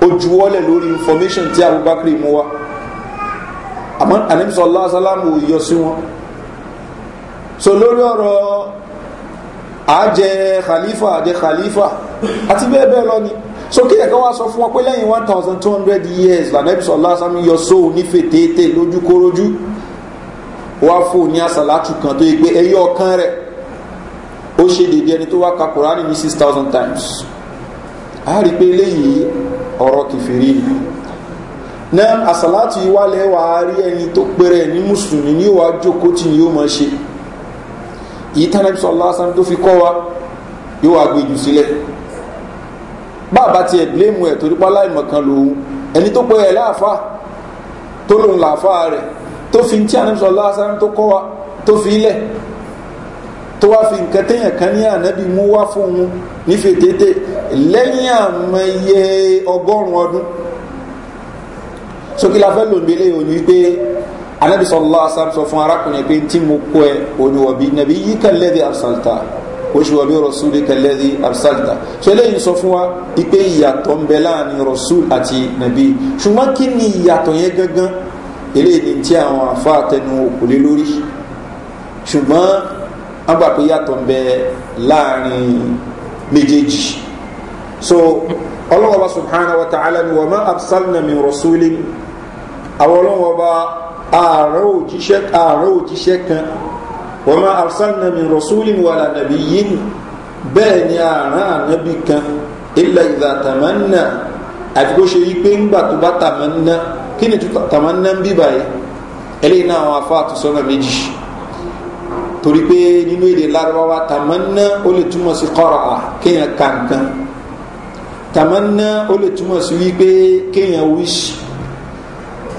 ó juwọ́lẹ̀ lórí information tí abubakar mú wa àmọ́ ànábì sọ aláwọ̀ sálámù yọ sí wọn so lórí ọ̀rọ̀ àjẹ khalifa àjẹ khalifa àti bẹ́ẹ̀ bẹ́ẹ̀ lọ ni sókè ẹ̀kọ́ wá sọ fún wọn pé lẹ́yìn one thousand two hundred years lànàbì sọ aláwọ̀ sálámù yọ sóò nífẹ̀ẹ́ tètè lójúkórojú wá fóònù àṣàlátù kan tó yẹ pé ẹyọ ọkàn rẹ̀ ó ṣe dédé ẹni tó wá ka kùránì ní six thousand times a rí pé eléyìí ọ̀rọ̀ kìfìrí ni náà àsàlátì ìwálẹ̀ wà á rí ẹni tó pèrè ní mùsùlùmí ní ìwà jókòó tí ni yóò máa ṣe yìí tánà bí sọlá sàn tó fi kọ́ wa yóò wá gbèjù sílẹ̀ bàbá tiẹ̀ bílẹ̀mù ẹ̀ torí pálá ìmọ̀kan lòun ẹni tó pè ẹ̀ láàfáà tó lòun làáfáà rẹ̀ tó fi ń tí àná sọlá sàn tó kọ́ wa tó fi ilẹ̀ tó wá fi nǹkan téèyàn kan ní ànábì mú wá fún un ní fètètè lẹ́yìn àmọye ọgọ́rùn-ún ọdún sókè la fẹ́ lòdì lé òní pé ànábì sọlá asam sọ fún arákùnrin pé tí mo kọ ẹ oníwọ̀bí nàbí yí kẹlẹ́dì absalta oṣùwọ̀bí rọ̀súlì kẹlẹ́dì absalta so eléyìí sọ fún wa pé ìyàtọ̀ ń bẹ láàrin rọ̀súl àti nàbí ṣùgbọ́n kí ni ìyàtọ̀ yẹn gangan eléyìí ni àwọn àfa àtẹnu òkùnlé ṣùgbọ́n wọ́n gbà pé yàtọ̀ ń bẹ so ọlọ́wọ́ bá subhanahu wa ta'ala ni wọ́n máa absalna mi rasuli àwọn ọlọ́wọ́ bá ààrẹ òjíṣẹ́ ààrẹ òjíṣẹ́ kan wọ́n máa absalna mi rasuli wà lànàbí yìí bẹ́ẹ̀ ni ààrẹ ànábì kan ilẹ̀ ìdàtàmánà àti bó ṣe yí pé ńgbà tó bá tàmánà kí ni tàmánà ń bíbáyé eléyìí náà àwọn afá àtúnṣọ́nà méjì torí pé nínú èdè larabawa tamanna ó lè túmọ̀ sí kọ́ra kéèyàn kankan tamanna ó lè túmọ̀ sí wípé kéèyàn wíṣì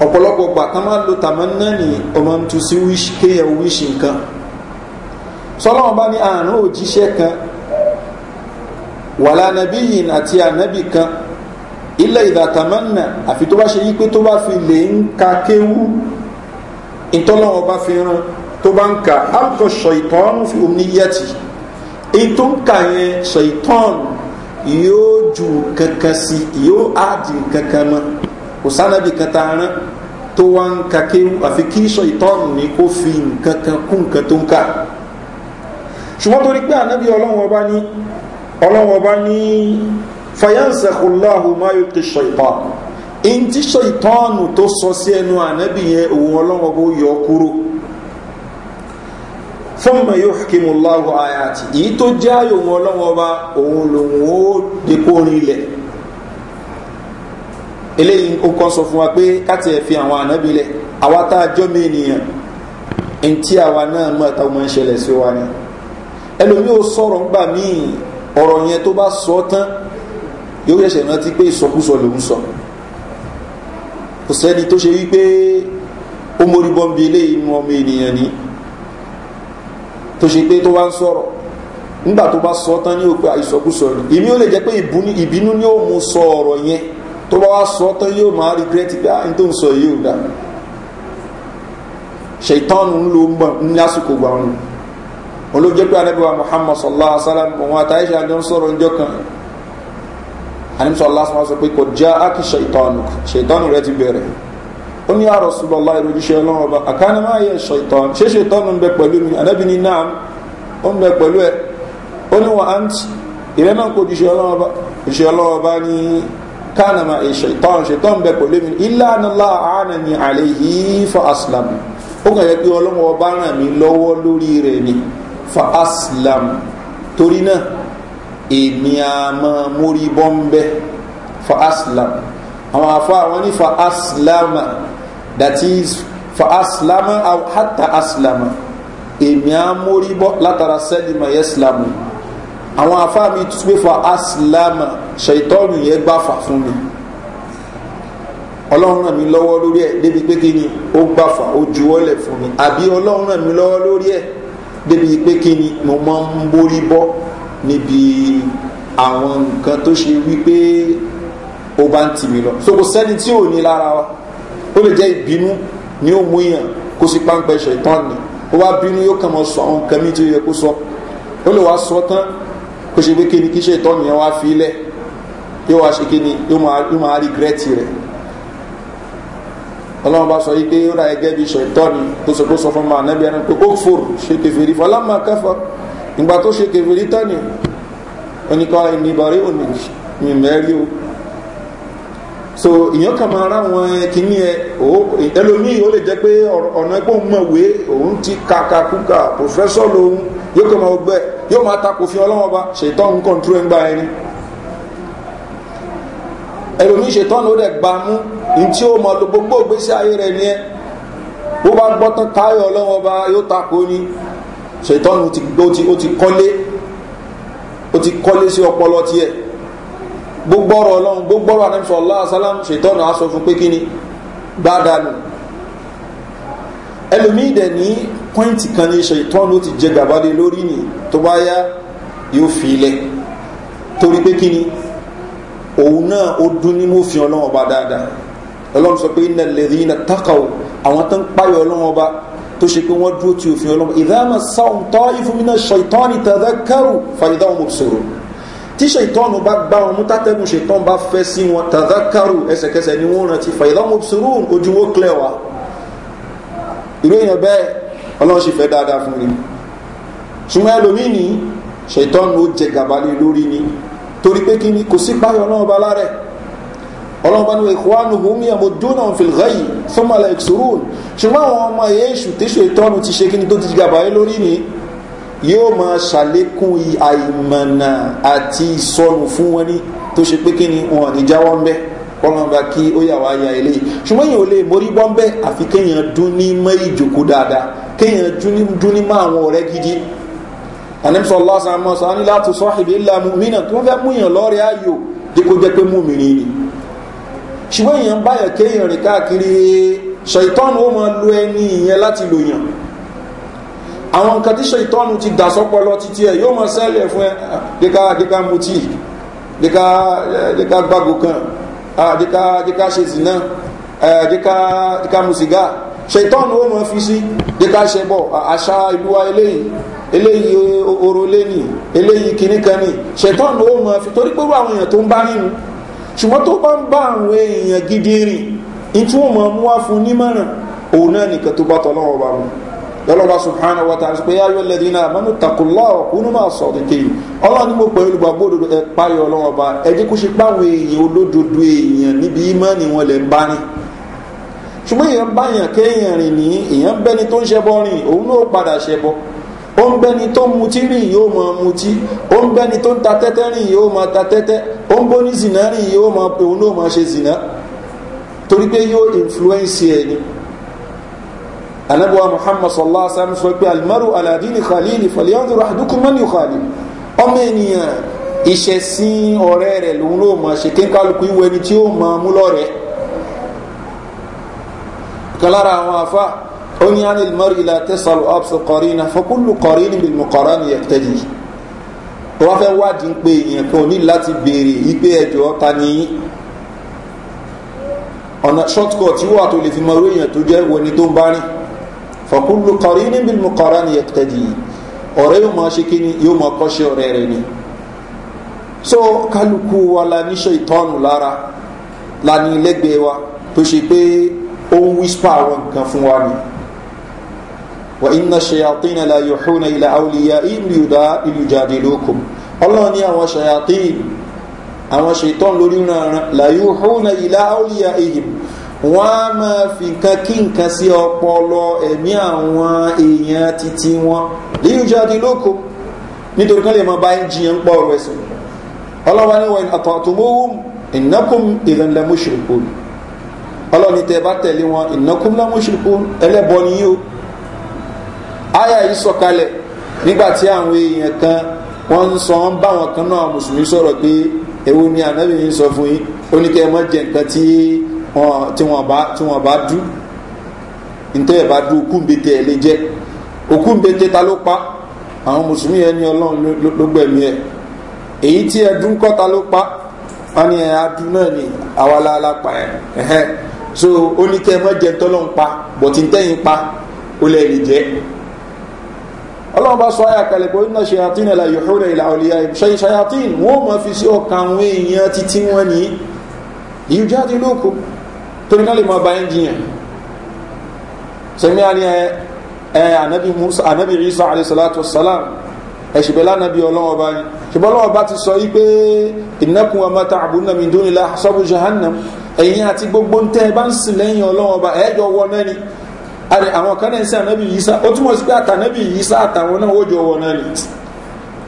ọ̀pọ̀lọpọ̀ gbà tá máa lo tamanna ni ọmọ ń tu sí wíṣì kéèyàn wíṣì nǹkan sọlọ́wọ́n bá ní àrùn òjíṣẹ́ kan wàlá nabiyin àti ànábì kan ilẹ̀ ìdàtàmánà àfi tó bá ṣe yí pé tó bá fi lè ń ka kéwú ìtọ́lọ́wọ́n bá fi rán tó bá ń ka alkọ ṣọ̀ìtọ́nù fi omi yẹtì èyí tó ń kà yẹn ṣọ̀ìtọ́nù yóò ju kankan sí yóò áàdì kankan mọ́ kò sánàbì kata rán tó wá ń ka kéwù àfi kí ṣọ̀ìtọ́nù ni kó fi nǹkan kan kún nǹkan tó ń kà ṣùgbọ́n torí pé ànábì ọlọ́wọ́n bá ní ọlọ́wọ́n bá ní fayansakulahu mayo ti ṣọ̀ìtọ́nù in ti tó sọ sí ẹnu ànábì yẹn òun ọlọ́wọ́n bó yọ kúrò fọ́nmà yóò kíkìmù láwọ̀ àyàtì èyí tó jẹ́ ayò wọn ọlọ́wọ́ ọba òun lòun ó de kó rin ilẹ̀ eléyìí ó kọ́ sọ fún wa pé káti ẹ̀ fi àwọn ànábi lẹ̀ àwa tá a jọ́ mi ènìyàn ẹni àwa náà mọ̀ táwọn máa ń sí wa ni ẹlòmíì ó sọ̀rọ̀ ńgbà míì ọ̀rọ̀ yẹn tó bá sọ tán yóò ṣẹ̀ṣẹ̀ rántí pé ìsọkúsọ lòun sọ kò sẹ́ni tó ṣe wípé ó mórí bọ́m̀bì eléyìí nu ọmọ ènìyàn ni. tó ṣe pé tó wá ń sọ̀rọ̀ nígbà tó bá sọ tán ní òpin àìsọkúsọ ni èmi ó lè jẹ́ pé ìbínú ni ó mú sọ ọ̀rọ̀ yẹn tó bá wá sọ tán yóò máa pé ah, tó ń sọ yìí ò dá ṣètọ́nù ń lo mọ̀ ní lásìkò gbà wọn pé anábíwá muhammad allah sọ pé kò já ákì ṣètọ́nù ṣètọ́nù ó ní àrò sùlọ lọ ìròjúṣe ọlọ́run ọba àkànnì máa yẹ ṣètọ́n ṣé ṣètọ́n ń bẹ pẹ̀lú mi ànábì ní náà ó ń bẹ pẹ̀lú ẹ ó ní wọn àǹtí ìrẹ́ náà kò jùṣe ọlọ́run ọba jùṣe ọlọ́run ọba ní kànnì máa yẹ ṣètọ́n ṣètọ́n bẹ pẹ̀lú mi ilá àánà ní àlẹ́ yìí fọ aslam ó kàn yẹ pé ọlọ́run ọba ràn mí lọ́wọ́ lórí rẹ̀ ni fọ aslam torí náà èmi àmọ́ mórí bọ́ńbẹ́ fọ aslam àwọn àfa àwọn ní aslam that is fa aslama aw hatta aslama èmi á mórí bọ́ látara sẹ́lìmọ̀ yẹ́sìlámù àwọn afáà mi tún pé fa aslama ṣètọ́nù yẹn gbà fà fún mi ọlọ́run ràn mí lọ́wọ́ lórí ẹ̀ débi pé kí ni ó gbà fà ó juwọ́lẹ̀ fún mi àbí ọlọ́run ràn mí lọ́wọ́ lórí ẹ̀ débi pé kí ni mo máa ń borí bọ́ níbi àwọn nǹkan tó ṣe wípé ó bá ń tì mí lọ so kò sẹ́ni tí ò ní lára wa ó lè jẹ́ ìbínú ni ó mú yàn kó sí páńpẹ́ ṣètán ni ó wá bínú yóò kàn mọ́ sọ àwọn nǹkan mi tí ó yẹ kó sọ ó lè wá sọ tán kó ṣe pé kíni kí ṣètán nìyẹn wá fi lẹ̀ yóò wá ṣe kíni yóò máa rígrẹ́tì rẹ̀ ọlọ́run bá sọ yìí pé ó ra ẹgẹ́ bíi ṣètán ni tó sọ pé sọ fún ma anábìá náà pé ó fòr ṣe kẹfìrí fọlámà kẹfọ ìgbà tó ṣe kẹfìrí tán ni oníkọ́ ìníbàrí òní mi mẹ́rí o so ìyẹn kàn máa ra àwọn kìíní ẹ ẹlòmíì ó lè jẹ́ pé ọ̀nà ẹgbẹ́ òun mọ̀wé òun ti kàkà kúkà pòfẹ́sọ̀ lòun yóò kàn máa gbẹ yóò máa takò fi ọlọ́wọ́n bá ṣètọ́ ń kọ̀ǹtúrò ń gba ẹni ẹlòmíì ṣètọ́ ló dẹ̀ gbà mú ní tí ó mọ lo gbogbo ìgbésí ayé rẹ̀ ni ẹ bó bá gbọ́ tán táyọ̀ ọlọ́wọ́n bá yóò takò ni ṣètọ́ ó ti kọ́lé ó ti kọ́lé sí ọpọlọ tiẹ̀ gbogbo ọrọ ọlọrun gbogbo ọrọ anamsọ ọlọ́àsálàm ṣètọ́nà aṣọ fún pé kíni gbádàánù ẹlòmíì dẹ̀ ní pọ́ìntì kan ní ṣètọ́nà ó ti jẹ gàbálẹ̀ lórí ni tó bá yá yóò fi ilẹ̀ torí pé kíni òun náà ó dún nínú òfin ọlọ́wọ́n ọba dáadáa ọlọ́run sọ pé iná lẹ́rìí iná tákàó àwọn tó ń páyọ̀ ọlọ́wọ́n ọba tó ṣe pé wọ́n dúró ti òfin ọlọ́wọ́n ìdáhàmà sáwọn tó ìfúnmi náà ṣètọ́nì tàdákàrù fàyídáwọn mọ̀ tí ṣètọ́nù bá gbá wọn mú tátẹ́gùn ṣètọ́n bá fẹ́ sí wọn tàdákàrù ẹsẹ̀kẹsẹ̀ ni wọ́n rántí fa ìdánwò sùúrù ojú wó clear wa ìlú èèyàn bẹ́ẹ̀ ọlọ́run sì fẹ́ dáadáa fún mi ṣùgbọ́n ẹlòmíì ní ṣètọ́nù ó jẹ gàbálẹ̀ lórí ni torí pé kí ni kò sí páyọ̀ náà bá lárẹ̀ ọlọ́run bá ní ìkwánu húnmí àmọ́ dúnà fìlgáyì sọ́mọ́lá ìṣòro ṣùgbọ́n àwọn ọmọ ni tó ti yóò máa ṣàlékún àìmọ̀nà àti ìsọnù fún wọn ní tó ṣe pé kí ni wọn ní jáwọ́ ń bẹ́ kọ́lọ́mọba kí ó yà wá ya ilé ṣùgbọ́n èèyàn ò lè mórí bọ́ ń bẹ́ àfi kéèyàn dún ní mọ́ ìjòkó dáadáa kéèyàn dún ní mọ́ àwọn ọ̀rẹ́ gidi ànímsọ lọ́sàn án mọ́ sọ án láti sọ ìbí ńlá mu mí náà tó fẹ́ mú èèyàn lọ́rẹ́ ayò dípò jẹ́ pé mú mi rìn ni ṣùgbọ́n èèyàn báyọ̀ kéèyàn rìn káàkiri ṣèitọ́nù ó máa lo ẹni ìyẹn láti lòyàn àwọn nǹkan tíṣe ìtọ́nu ti dà sọ́pọlọ títí ẹ̀ yóò mọ sẹ́ẹ̀lì ẹ̀ fún ẹ díka ah, díka mutí díka díka gbàgò kan díka ah, díka ṣe náà díka eh, díka musiga ṣe ìtọ́nu ó mọ fi sí díka ṣe bọ̀ ah, àṣà ìlú wa eléyìí eléyìí oró lẹ́nì eléyìí kìnnìkanì ṣe ìtọ́nu ó mọ fi torí pé àwọn èèyàn tó ń bá nínú ṣùgbọ́n tó bá ń bá àwọn èèyàn gidi rìn ní mú wá fún nímọ̀ràn òun náà nìkan tó bá tọ́lọ́wọ́ bá mu lọ́lọ́ba subhanahu wa ta'ala pé ayọ́ lẹ́dí náà mọ́nú takùlá ọ̀kúnú máa sọ òdìkè yìí ọlọ́run ní mo pẹ̀lú olùgbàgbọ́ òdodo ẹ páyọ ọlọ́run ọba ẹ jẹ́ kó ṣe páwọn èèyàn olódodo èèyàn níbi ìmọ̀ọ́nì wọn lẹ̀ ń bá ní. ṣùgbọ́n èèyàn bá yàn kéèyàn rìn ní èèyàn bẹ́ni tó ń ṣẹbọ rìn òun náà padà ṣẹbọ ó ń bẹ́ni tó ń mutí rìn yóò máa mutí ó ń bẹ́ni tó ń ta tẹ́tẹ́ rìn yóò máa ta tẹ́tẹ́ ó ń bóní zìnà rìn yóò máa òun náà máa ṣe zìnà torí pé yóò influence ẹni anabuwa muhammad sallallahu alaihi wasallam sọ pé almaru aladini khalili falyanzu rahadukun man yu khali ọmọ ènìyàn ìṣẹ̀sìn ọ̀rẹ́ rẹ̀ lòun ló mọ̀ ṣe kéńkálukú ìwé ẹni tí ó mọ̀ mú lọ́rẹ̀ kalára àwọn afa ó ní anil mari ilà tẹsàlù absa kọrìnà fọkúlù kọrìnì bí mọ̀kọ́rá ni yẹtẹ́jì wọ́n fẹ́ wádìí ń pe èèyàn kan ní láti béèrè ìgbé ẹ̀jọ́ ta ni ọ̀nà shortcut wà tó lè fi mọ orí èèyàn tó jẹ́ wọni tó ń bá rìn fọkúlù kọrin níbi mùkọ́rá ni yẹtẹ́dì ọ̀rẹ́ yóò máa ṣe kí ni yóò máa ni so kálukú wa la níṣọ ìtọ́nù lára la ní lẹ́gbẹ̀ẹ́ wa tó ṣe pé ó ń wíṣpà àwọn nǹkan fún wa ni wà iná ṣayatín la yòóhùn ilẹ̀ àwòlíyà ìlúdá ìlújáde lókùn ọlọ́run ní àwọn ṣayatín àwọn ṣaitán lórí la yòóhùn ilẹ̀ àwòlíyà wọ́n á máa fi nǹkan kí nǹkan sí ọpọlọ ẹ̀mí àwọn èèyàn títí wọn líyù jáde lóko nítorí kan lè máa bá ń jiyàn pọ̀ ọ̀rọ̀ ẹ̀sìn ọlọ́wà ní wọn àtọ̀tùmọ́wọ́m ìnákùn ìrànlẹ́múṣìlpọ̀ ọlọ́ni tẹ bá tẹ̀lé wọn ìnákùn lámúṣìlpọ̀ ẹlẹ́bọ ni yóò aya yìí sọ̀kalẹ̀ nígbà tí àwọn èèyàn kan wọ́n ń sọ ń bá wọn kan náà mùsùlùmí sọ̀rọ̀ pé èwo ni ànábì ń sọ fún yín ó ní kẹ́ ẹ mọ́ jẹ nǹkan tí tí wọ́n bá tí wọ́n bá dú ntẹ́ ẹ̀ bá dú okú nbete ẹ̀ lè jẹ́ okú nbete ta ló pa àwọn mùsùlùmí yẹn ní ọlọ́run ló gbẹ̀mí ẹ̀ èyí tí ẹ dún kọ́ ta ló pa wọ́n ní ẹ̀ náà ni àwa la pa ẹ̀ so ó ní kẹ́ ẹ mọ́ jẹ tọ́lọ́run pa bọ̀tí ntẹ́yìn pa ó lẹ́ lè jẹ́ ọlọ́run bá sọ àyàkálẹ̀ pé iná ṣayatín ẹ̀là yòhúrẹ̀ ìlà ọ̀lẹ́yà ìṣẹ́yìn ṣayatín wọ́n mọ̀ fi sí ọkàn àwọn èèyàn títí wọ́n ní ìyújáde lóko torí náà lè mọ ọba ẹnjìyàn sẹmi àní ẹ ẹ anabi musa anabi isa alayisalaatu salam ẹsibẹlẹ anabi ọlọrun ọba yẹn ṣùgbọ́n ọlọrun ọba ti sọ yìí pé ìnákun ọmọ ta àbúrò mi dún nílá sọbù jahannam ẹyin àti gbogbo ntẹ ẹ bá ń sìn lẹyìn ọlọrun ọba ẹjọ wọ náà ni àti àwọn kan náà sí anabi isa ó túmọ̀ sí pé àtànabi isa àtàwọn náà ó jọ wọ náà ni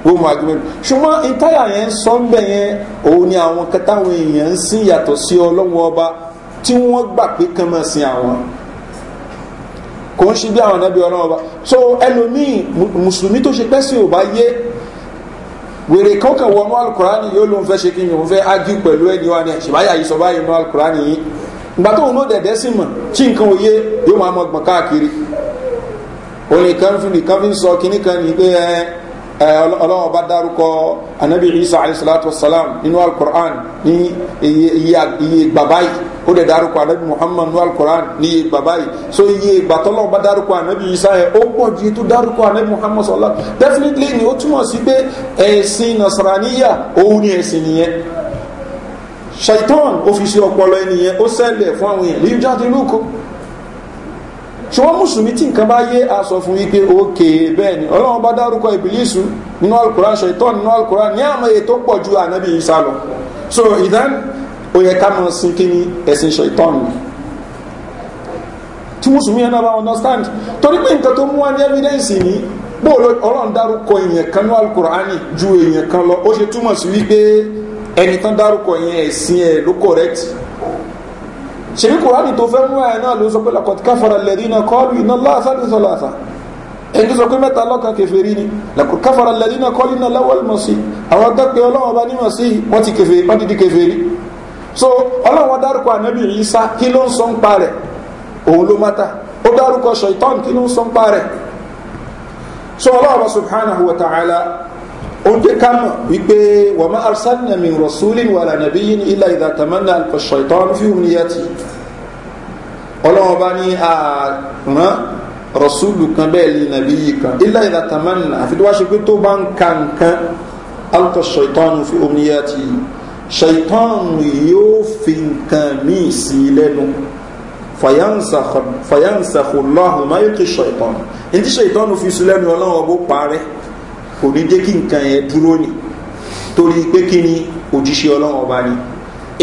wọ́n mú ṣùgbọ́n ìtayà yẹn sọ́ńbẹ̀ yẹn òun ni àwọn kẹtàwọn èèyàn ń sìn yàtọ̀ sí ọlọ́run tí wọ́n gbà pé kán máa sin àwọn kò ń ṣe bí àwọn ẹ̀nẹ́bí ọlọ́run ọba so ẹlòmíì mùsùlùmí tó ṣe pẹ́ sí ò bá yé wèrè kọ́kàn wọnú alukurani yóò ló ń fẹ́ ṣe kí ni òun fẹ́ ágí pẹ̀lú ẹni wa ni ṣèbáyà yìí sọ báyìí nú alukurani yìí ìgbà tó òun ó dẹ̀dẹ́ sí mọ̀ tí nǹkan òye yóò máa mọ gbọ̀n káàkiri òun nìkan fi nìkan fi ń sọ kíní kan ní pé ẹ ọlọ́run ọba dárúkọ anabi isa alayhi salatu wa salam nínú alukurani ní iye ìgbà báyìí ó dẹ̀ dárúkọ anabi muhammad nu alukoran ní iye bàbá so iye ìgbà tọ́lọ́wọ́ bá dárúkọ anabi isa yẹn ó pọ̀ ju tó dárúkọ anabi muhammad sọlá definitely ni ó túmọ̀ sí pé ẹ̀sìn nasaraniya òun ni ẹ̀sìn nìyẹn shaitan ó fi ṣe ọpọlọ ẹnìyẹn ó sẹ́lẹ̀ fún àwọn èèyàn lẹ́yìn jáde lóko ṣùgbọ́n mùsùlùmí tí nǹkan bá yé aṣọ fún wípé òkè bẹ́ẹ̀ ni ọlọ́run bá dárúkọ ìbìlísù nínú alukura ṣaitan nínú alukura ní àmọ́ èyí tó pọ̀ ju anabi isa lọ so ìdán ó yẹ ká máa sin kíni ẹ̀sìn ṣètọ́nù tí mùsùlùmí yẹn náà bá understand torí pé nǹkan tó mú wa ní evidence ni bóòlù ọlọ́run dárúkọ èèyàn kan ní alukur'ani ju èèyàn kan lọ ó ṣe túmọ̀ sí wípé ẹni tán dárúkọ yẹn ẹ̀sìn ẹ̀ ló correct ṣèbí kùránì tó fẹ́ mú ẹ̀ náà ló sọ pé lakọ̀tí káfàrà lẹ́rí náà kọ́ọ̀lù iná láàfáàdìsọ́láàfá ẹni tó sọ pé mẹ́ta lọ́kàn kẹfẹ́rí ni lakọ̀tí káfàrà lẹ́rí náà kọ́ọ̀lù iná láwọ́lùmọ̀sí àwọn agbẹ́pẹ́ ọlọ́wọ́ bá nímọ̀ so ọlọ́wọ́n dárúkọ ànábì ìsá kí ló ń sọ ń pa rẹ̀ òun ló mátà ó dárúkọ ṣaitan kí ló ń sọ ń pa rẹ̀ so ọlọ́wọ́ subhanahu wa ta'ala ó dé ká mọ̀ wípé wà má arsalna min rasulin wà lànàbí yìí ilà ìdá tamanna alfa ṣaitan fi hùn níyàtì ọlọ́wọ́n bá ní àrán rasulu kan bẹ́ẹ̀ lè nàbí yìí kan ilà ìdá tamanna àfi tó wá ṣe pé tó bá ń ka nǹkan alfa ṣaitan fi hùn níyàtì yìí ṣaitan yóò fi nǹkan míì sí i lẹ́nu fàyànsàkò lọ́hùn máa yóò kí ṣaitan ní tí ṣaitan fi sí lẹ́nu ọlọ́wọ́ bó parẹ́ kò ní jẹ́ kí nǹkan yẹn dúró ni torí pé kí ni òjíṣẹ́ ọlọ́wọ́ bá ní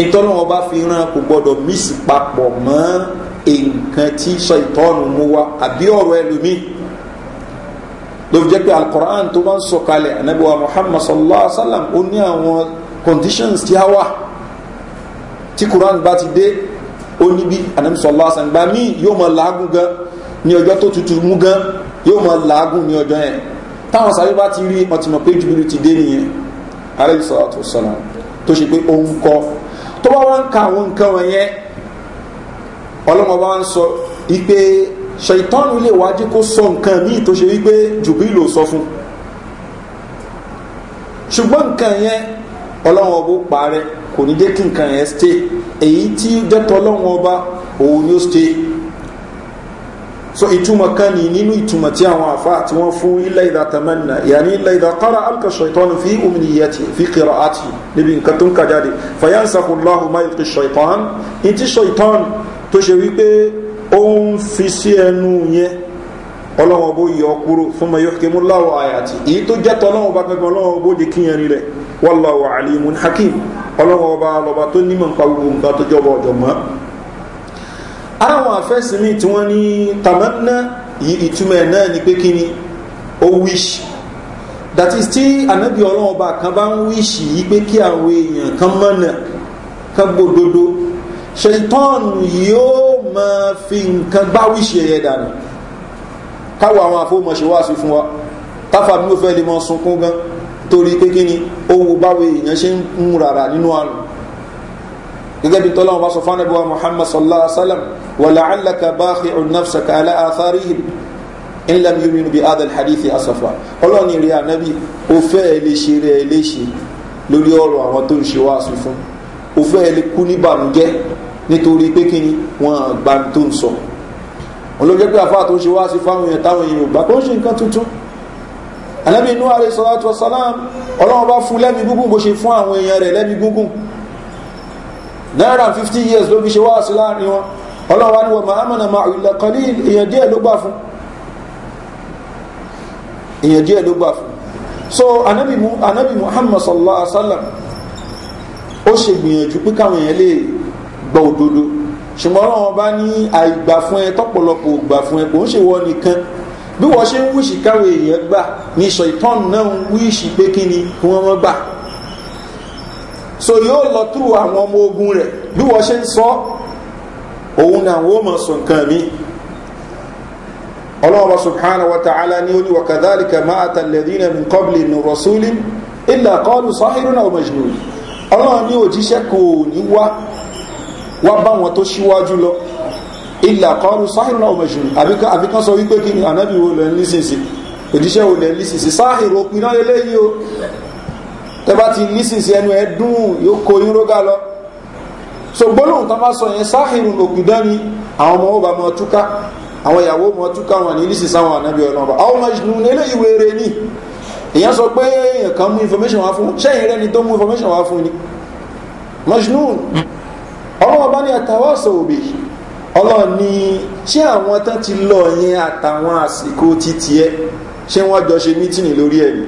ìtọ́lọ́wọ́ bá fi ràn kò gbọ́dọ̀ mísì papọ̀ mọ́ nǹkan tí ṣaitan mú wa àbí ọ̀rọ̀ ẹlòmíì ló fi jẹ́ pé alukoran tó bá ń sọ̀kalẹ̀ anabiwa muhammad sallallahu alayhi wa sallam ó ní àwọn conditions tí a wà tí quran bá ti dé oníbi anamisọlá sangba míì yóò mọ làágùn gan ní ọjọ́ tó tutù mú gan yóò mọ làágùn ní ọjọ́ yẹn táwọn sáré bá ti rí ọtí mọ̀ pé jùbìlì ti dé nìyẹn alẹ́ ìsọ̀rọ̀ tó sọ̀rọ̀ tó ṣe pé òun kọ́ tó bá wá ń ka àwọn nǹkan wọ̀nyẹn ọlọ́mọ bá ń sọ wípé ṣèitánù lè wájú kó sọ nǹkan míì tó ṣe wípé jùbìlì sọ fún ṣùgbọ́n nǹkan yẹn ọlọ́wọ́n ọba ó parẹ́ kò ní jẹ́ kí nǹkan yẹn stay èyí tí jẹ́tọ̀ ọlọ́wọ́n ọba òun ni ó stay so ìtumọ̀ kan ní nínú ìtumọ̀ tí àwọn àfa tí wọ́n fún ilẹ̀ ìdá tamanna yàní ilẹ̀ ìdá kára alkasọ̀ ìtọ́nù fi omniyàtì fi kìrọ̀ àti níbi nǹkan tó ń ka jáde fayansakulahu ma ìpè ṣọ̀ìtàn ìtì ṣọ̀ìtàn tó ṣe wípé ó ń fi sí ẹnu yẹn ọlọ́wọ́n bó yọ kúrò fún mayọ́ láwọ̀ àyàtì èyí tó jẹ́ tọ́lọ́wọ́n bá gbẹgbẹ́ ọlọ́wọ́n bó di kíyàn rẹ̀ wallahu alimun hakim ọlọ́wọ́ ọba ọlọ́ba tó nímọ̀ nípa gbogbo nǹkan tó jọba ọ̀jọ̀ mọ́ ara àwọn àfẹ́sìn tí wọ́n ní tamanna yìí ìtumọ̀ náà ni pé kí ni ó wish that is tí ànábì ọlọ́wọ́ kan bá ń wish yìí pé kí àwọn èèyàn kan mọ̀nà kan gbódodo ṣetán yóò máa fi nǹkan gbá wish ẹ̀yẹ dànù káwọ àwọn àfọwọ́mọṣẹ́ wá sí fún wa táfà mi ò fẹ́ lè mọ sunkún gan-an torí pé kí ni owó báwo èèyàn ṣe ń rárá nínú àrùn gẹ́gẹ́ bí tọ́lá wọn bá sọ fún anábíwá muhammad sallallahu alaihi wa sallam wàlá alaka báàkì ọ̀nàfṣà kàlá àtàrí in lam yuminu bi adal hadithi asafa ọlọ́run ìrìn ànábì ó fẹ́ ẹ lè ṣe rẹ̀ ẹ lè ṣe lórí ọ̀rọ̀ àwọn tó ń ṣe wáàsù fún ó fẹ́ kú ní bànújẹ́ nítorí pé kí ni wọ́n gbà tó ń sọ olóògbé pé àfáà tó ń ṣe wáàsù fáwọn èèyàn táwọn èèyàn ò anabi inú àrẹ sọ́láàtù wasalam ọlọ́run bá fún lẹ́mí gúngùn bó ṣe fún àwọn èèyàn rẹ̀ lẹ́mí gúngùn náírà 50 years ló fi ṣe wáàsí láàrin wọn ọlọ́run wá ní wọ́n mahamana ma ìlẹ̀ kọ́lí èèyàn díẹ̀ ló gbà fún èèyàn díẹ̀ ló gbà fún so anabi, anabi muhammad sallallahu alaihi wasallam ó ṣe gbìyànjú pé káwọn èèyàn lè gbọ́ òdodo ṣùgbọ́n ọlọ́run bá ní àìgbà fún ẹ tọ́pọ̀lọpọ̀ ògbà fún ẹ kò ń ṣèwọ nìkan bí wọ́n ṣe ń wíṣì káwé èèyàn gbà ní sọ ìtọ́n náà ń wíṣì pé kí ni kí wọ́n mọ́ gbà so yóò lọ túrú àwọn ọmọ ogun rẹ̀ bí wọ́n ṣe ń sọ òun náà wọ́n mọ̀ sọ nǹkan mi ọlọ́wọ́ subhanahu wa ta'ala ni ó ní wàkàdálìkà máa tàlẹ̀dínà min kọ́bìlì nù rọ̀súlì ilà kọ́lù sáhírù náà mọ̀jìnù ọlọ́wọ́ ní òjíṣẹ́ kò ní wá wá bá wọn tó síwájú lọ ilà kọlu sáhìrù náà mẹ̀ṣùn àbíkan sọ wípé kí ni ànábì wo lẹ́ nísinsìn òjíṣẹ́ wo lẹ́ nísinsìn sáhìrù òpin náà lélẹ́yìí o tẹ́bá ti nísinsìn ẹnu ẹ dùn yóò kó yín rógá lọ so gbólóhùn tán bá sọ yẹn sáhìrù òpin náà ni àwọn ọmọ ọba mọ túká àwọn ìyàwó mọ túká wọn ní nísinsìn àwọn ànábì ọlọ́ba àwọn mẹ̀ṣùn eléyìí wéré ni èyàn sọ pé èyàn kan mú information wá fún ṣẹ́yìn rẹ́ni tó mú information wá fún ni mẹ̀ṣùn ọlọ́wọ́ bá ní àtàwọ̀ sọ òbí ọlọ́run ni, ṣé àwọn tán ti lọ yẹn àtàwọn àsìkò títí ẹ ṣé wọ́n jọ ṣe mítìnì lórí ẹ̀ ni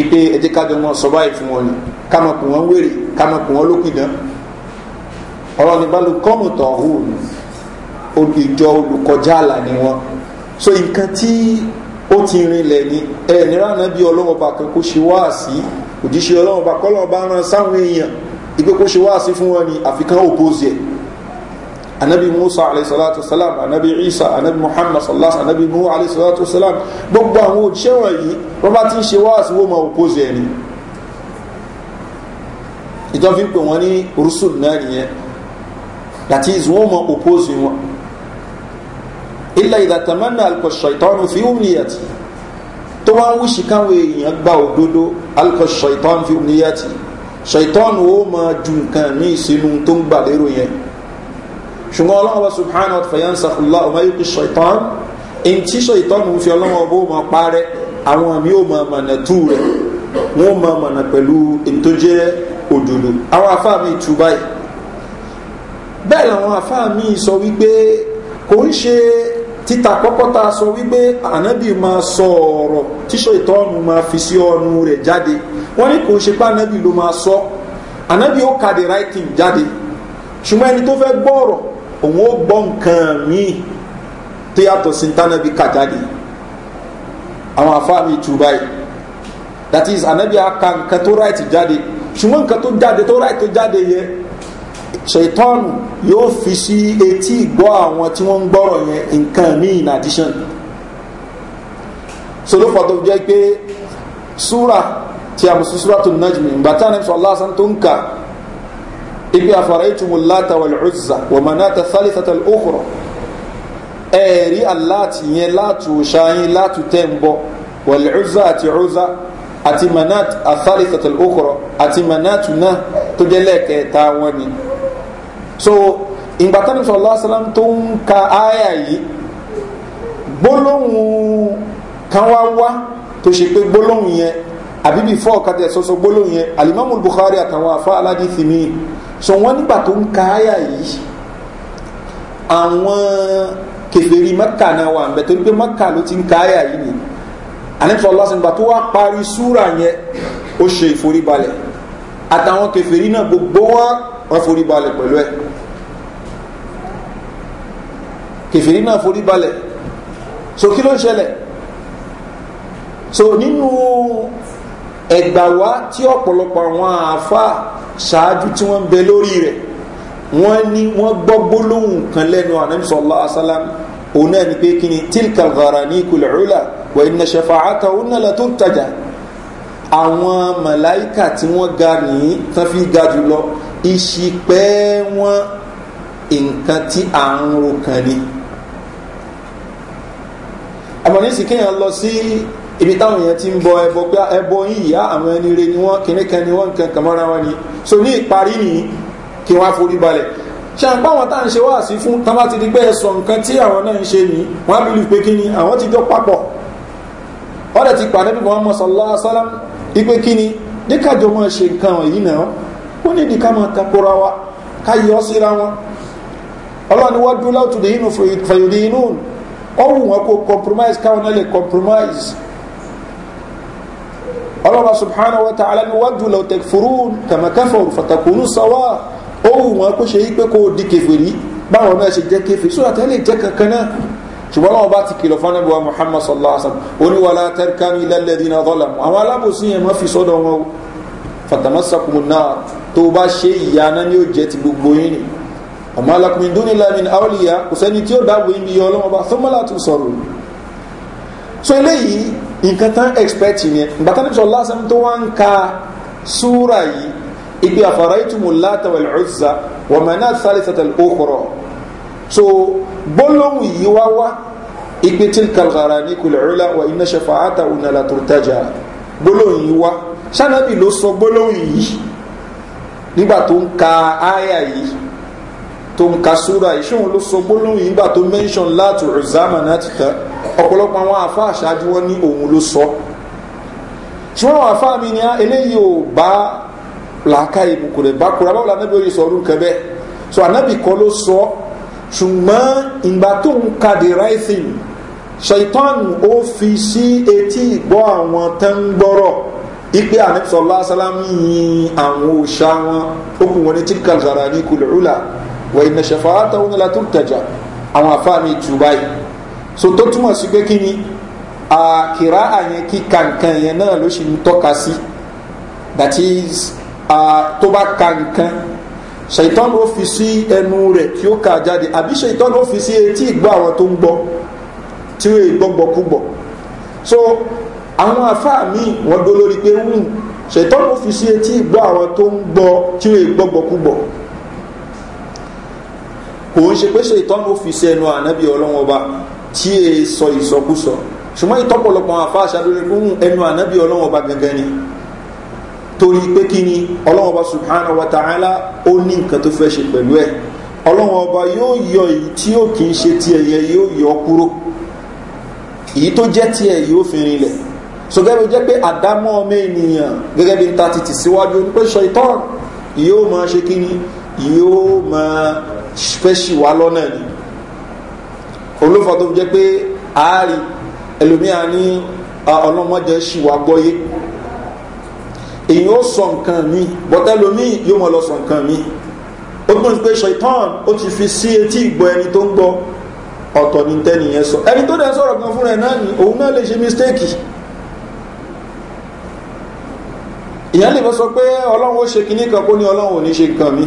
ìpè ẹ̀jẹ̀ kájọ wọn sọ báyìí fún wọn ni ká mọ̀ kùn wọ́n wèrè ká mọ̀ kùn wọ́n lókìdán ọlọ́run ní bálò kọ́mù tọ̀hún ìjọ olùkọjá àlà ni wọn so nǹkan tí ó ti rinlẹ̀ ni ẹ nírànà bí ọlọ́run ọba kan kó ṣe wá sí òjíṣẹ́ ọlọ́run ọba kọ́lọ́run ọba ran sáwọn èèyàn ìpè kó ṣe wá sí fún wọn ni àfikán òpósì ẹ̀ anabi musa alayhisalatu salam anabi isa anabi muhammad sallallahu anabi nuhu alayhisalatu salam gbogbo àwọn òṣìṣẹ́ wọ̀nyí wọ́n bá ti ń ṣe wáàsí wọ́n máa òpóse ẹni ìjọ fi ń pè wọ́n ní rusul náà nìyẹn that is wọ́n máa òpóse wọn ilẹ̀ ìdàtàmánà alkọ̀ṣọ̀ ìtọ́nu fi ń tó wá ń wíṣì káwọn èèyàn gba òdodo alkọ̀ṣọ̀ ìtọ́nu fi ń níyàtì ṣàìtọ́nu ó máa ju nǹkan míì sínú tó ń gbà lérò yẹn ṣùgbọ́n ọlọ́wọ́ bá subhanahu wa fẹ̀yàn sàkùlá ọmọ yìí kì ṣọ̀tàn in tí ṣọ̀tàn ń fi ọlọ́wọ́ bó mọ̀ parẹ́ àwọn àmì yóò mọ̀ mọ̀nà tú rẹ̀ wọ́n mọ̀ mọ̀nà pẹ̀lú ètò jẹ́ òdòdó àwọn afá mi tù báyìí bẹ́ẹ̀ làwọn afá mi sọ wípé kò ń ṣe títa kọ́kọ́ ta sọ wípé ànábì máa sọ ọ̀rọ̀ tíṣọ ìtọ́nu máa fi sí ọnu rẹ̀ jáde wọ́n ní kò ń ṣe pé ànábì ló máa sọ ànábì ka the right thing ṣùgbọ́n ẹni tó fẹ́ gbọ́ ọ̀rọ̀ òun ó gbọ́ nǹkan míì tó yàtọ̀ sí tánàbí kàjáde àwọn afáàmì tù báyìí that is anabi aka nǹkan tó ráìtì jáde ṣùgbọ́n nǹkan tó jáde tó ráìtì tó jáde yẹ ṣètọ́nù yóò fi sí etí ìgbọ́ àwọn tí wọ́n ń gbọ́rọ̀ yẹn nǹkan míì in addition so ló fọ́ tó jẹ́ pé súra tí a mọ̀ sí súra tó nájùmí ìgbà tí a sọ aláàsán tó ń kà ibi afaraitum lata wal uzza wa manata thalithata al ukhra ẹ̀rí aláàtì yẹn látù ṣáyín látù tẹ́ ń bọ̀ wal uzza àti uzza àti manat athalithatal ukhra àti manatu náà tó jẹ́ so ìgbà tánà sallallahu alaihi wasallam tó ń ka áyà yìí gbólóhùn kan wá wá tó ṣe pé gbólóhùn yẹn àbíbí fọ́ọ̀kadà sọ́sọ́ gbólóhùn yẹn alimami bukhari àtàwọn afá aládìí fi so wọ́n nígbà tó ń ka àyà yìí àwọn kẹfẹ́rí mẹ́kà náà wà nbẹ torí pé mẹ́kà ló ti ń ka àyà yìí ni ànífọ̀ lọ́sìnbà tó wá parí súrà yẹn ó ṣe ìforíbalẹ̀ àtàwọn kẹfẹ́rí náà gbogbo wọn wọn foríbalẹ̀ pẹ̀lú ẹ̀ kẹfìrí náà forí so kí ló ń ṣẹlẹ̀ so nínú ẹgbàwá tí ọ̀pọ̀lọpọ̀ àwọn àáfàá ṣáájú tí wọ́n ń bẹ lórí rẹ̀ wọ́n ní wọ́n gbọ́ gbólóhùn kan lẹ́nu ànámísọ̀lá asálámù òun náà ni pé kí ni tilka gara ní ìkulẹ̀ ọ̀la wà ní ṣẹfàáta òun náà tó tajà àwọn màláìkà tí wọ́n ga nìyí tán fi ga jùlọ ìṣìpẹ́ wọn nǹkan tí à ń ro kan ni àmọ́ nísìnyí kéèyàn lọ sí. Si, ibi táwọn èèyàn ti ń bọ ẹbọ pé ẹbọ yín ìyá ah, àwọn ẹni re ni wọn kìnnìkan ni wọn nǹkan kan mọ́ra wọn ni so ní ìparí nìyí kí wọn á forí balẹ̀ ṣàǹpá wọn tá à ń ṣe wáàsí fún tá bá ti di pé ẹ̀sọ̀ nǹkan tí àwọn náà ń ṣe nìyí wọn á bìlù pé kí ni àwọn ti jọ papọ̀ ọ̀rẹ́ ti pàdé bí wọn mọ̀ sọ̀lá sálám ipe kí ni díkàjọ mọ̀ ṣe nǹkan yìí náà ó ní ìdíkà mọ̀ takora wa ká yọ síra wọn ọlọ́run wọ́n dúró láwùjọ ìdí inú ọ̀hún wọn kò compromise káwọn náà lè compromise ọlọ́ba subhanahu wa ta'ala ni wájú lọ tẹ furun kàmàkàfọ̀ fàtàkùnú sáwà ó wù wọn kó ṣe yí pé kó di kẹfìrí báwọn náà ṣe jẹ́ kẹfìrí sódà tẹ́lẹ̀ jẹ́ kankan náà ṣùgbọ́n ọlọ́wọ́ bá ti kìlọ̀ fún anábíwá muhammad sallallahu alaihi wa sallam oníwàlá tẹ́rkánú ilẹ̀ lẹ́dínà dọ́làmù àwọn alábòsí yẹn má fi sọ́dọ̀ wọn o fatamasakumu náà tó bá ṣe ìyá ni ó jẹ́ ti gbogbo yín ni ọmọ alákùnrin dúnilamin awliya kò sẹ́ni tí ó dáàbò yín bí yọ ọlọ́wọ́ bá sọ́mọ́lá tó sọ̀rọ̀ so eléyìí nǹkan tán expect yẹn bàtà níbi sọlá sẹ́mi tó wá ń ka súra yìí ibi àfàrà ìtumù láta lọ́sà wà mẹ́rin náà sáré sẹ́tẹ̀lì ókòrò so gbólóhùn yìí wá wá ibi tí kàlgàrà ní kulẹ̀ ọ̀la wà iná ṣẹfà áta ònà làtúrtajà gbólóhùn yìí wá sànàbì ló sọ gbólóhùn yìí nígbà tó ń ka áyà yìí tó ń ka súra ìṣóhun ló sọ gbólóhùn yìí gbà tó mention láti ọ̀zámà náà ti tán ọ̀pọ̀lọpọ̀ àwọn àfa àṣáájú wọn ní òun ló sọ ṣùgbọ́n àwọn àfa mi ni ah, eléyìí ò bá làákà ìbùkún rẹ̀ bá kura báwo la anábì orí sọ orúkọ bẹ́ẹ̀ so anábì kọ́ ló sọ ṣùgbọ́n ìgbà tó ń ka the right thing ṣèitán ó fi sí etí ìgbọ́ àwọn tẹ́ ń gbọ́rọ̀ ipe àníṣọlá sálámù yin àwọn òòṣà wọn ó kù wọn ní tíkàlì zara ní kùlùrùlà wa ìnà ṣẹ̀fàátà òun la tó tẹ̀jà àwọn àfáàmì so tó túmọ̀ sí pé kí ni àkìrá àyẹn kíka nǹkan yẹn náà ló ṣì ń tọ́ka sí that is tó bá ka nǹkan ṣèitán ló fi sí ẹnu rẹ̀ tí ó kà jáde àbí ṣèitán ló fi sí etí ìgbọ́ àwọn tó ń gbọ́ tí ó gbọ́ngbọ́kúgbọ̀ so àwọn àfáà míì wọ́n dó lórí pé ń hmm, ṣèitán ló fi sí etí ìgbọ́ àwọn tó ń gbọ́ tí ó gbọ́ngbọ́kúgbọ̀ kò ń ṣe pé ṣe ìtọ́nù fi ṣe ẹnu ànábì ọlọ́wọ́n ọba tí e sọ ìsọkúsọ ṣùgbọ́n ìtọ́pọ̀lọpọ̀ àfa àṣàdúró fún ẹnu ànábì ọlọ́wọ́n ọba gangan ni torí pé kí ni ọlọ́wọ́n ọba subhanahu wa ta'ala ó ní nǹkan tó fẹ́ ṣe pẹ̀lú ẹ̀ ọlọ́wọ́n ọba yóò yọ èyí tí yóò kì í ṣe tiẹ̀ yẹ yóò yọ kúrò èyí tó jẹ́ tiẹ̀ yóò fi rinlẹ̀ sọgẹ́rù jẹ́ pé àdámọ́ ọmọ ènìyàn gẹ́gẹ́ bí n ta ti tì síwájú onípẹ́sọ ìtọ́ yóò máa ṣe kí ni yóò máa spẹ́ṣì wá lọ́nà ni olófà tó fi jẹ́ pé ààrí ẹlòmíà ní ọlọ́mọdé ṣì wá gbọ́yé èyí ó sọ nǹkan mi bọ́tẹ́lómi yóò mọ̀ lọ sọ nǹkan mi ó gbọ́n pé ṣaitan ó ti fi sí etí ìgbọ́ ẹni tó ń gbọ́ ọ̀tọ̀ ní tẹ́nìyẹn sọ ẹni tó dẹ̀ sọ̀rọ̀ kan fúnra ẹ̀ náà ni òun náà lè ṣe mistake ìyẹn lè fẹ́ sọ pé ọlọ́run ó ṣe kinní kan kó ní ọlọ́run ò ní ṣe nǹkan mi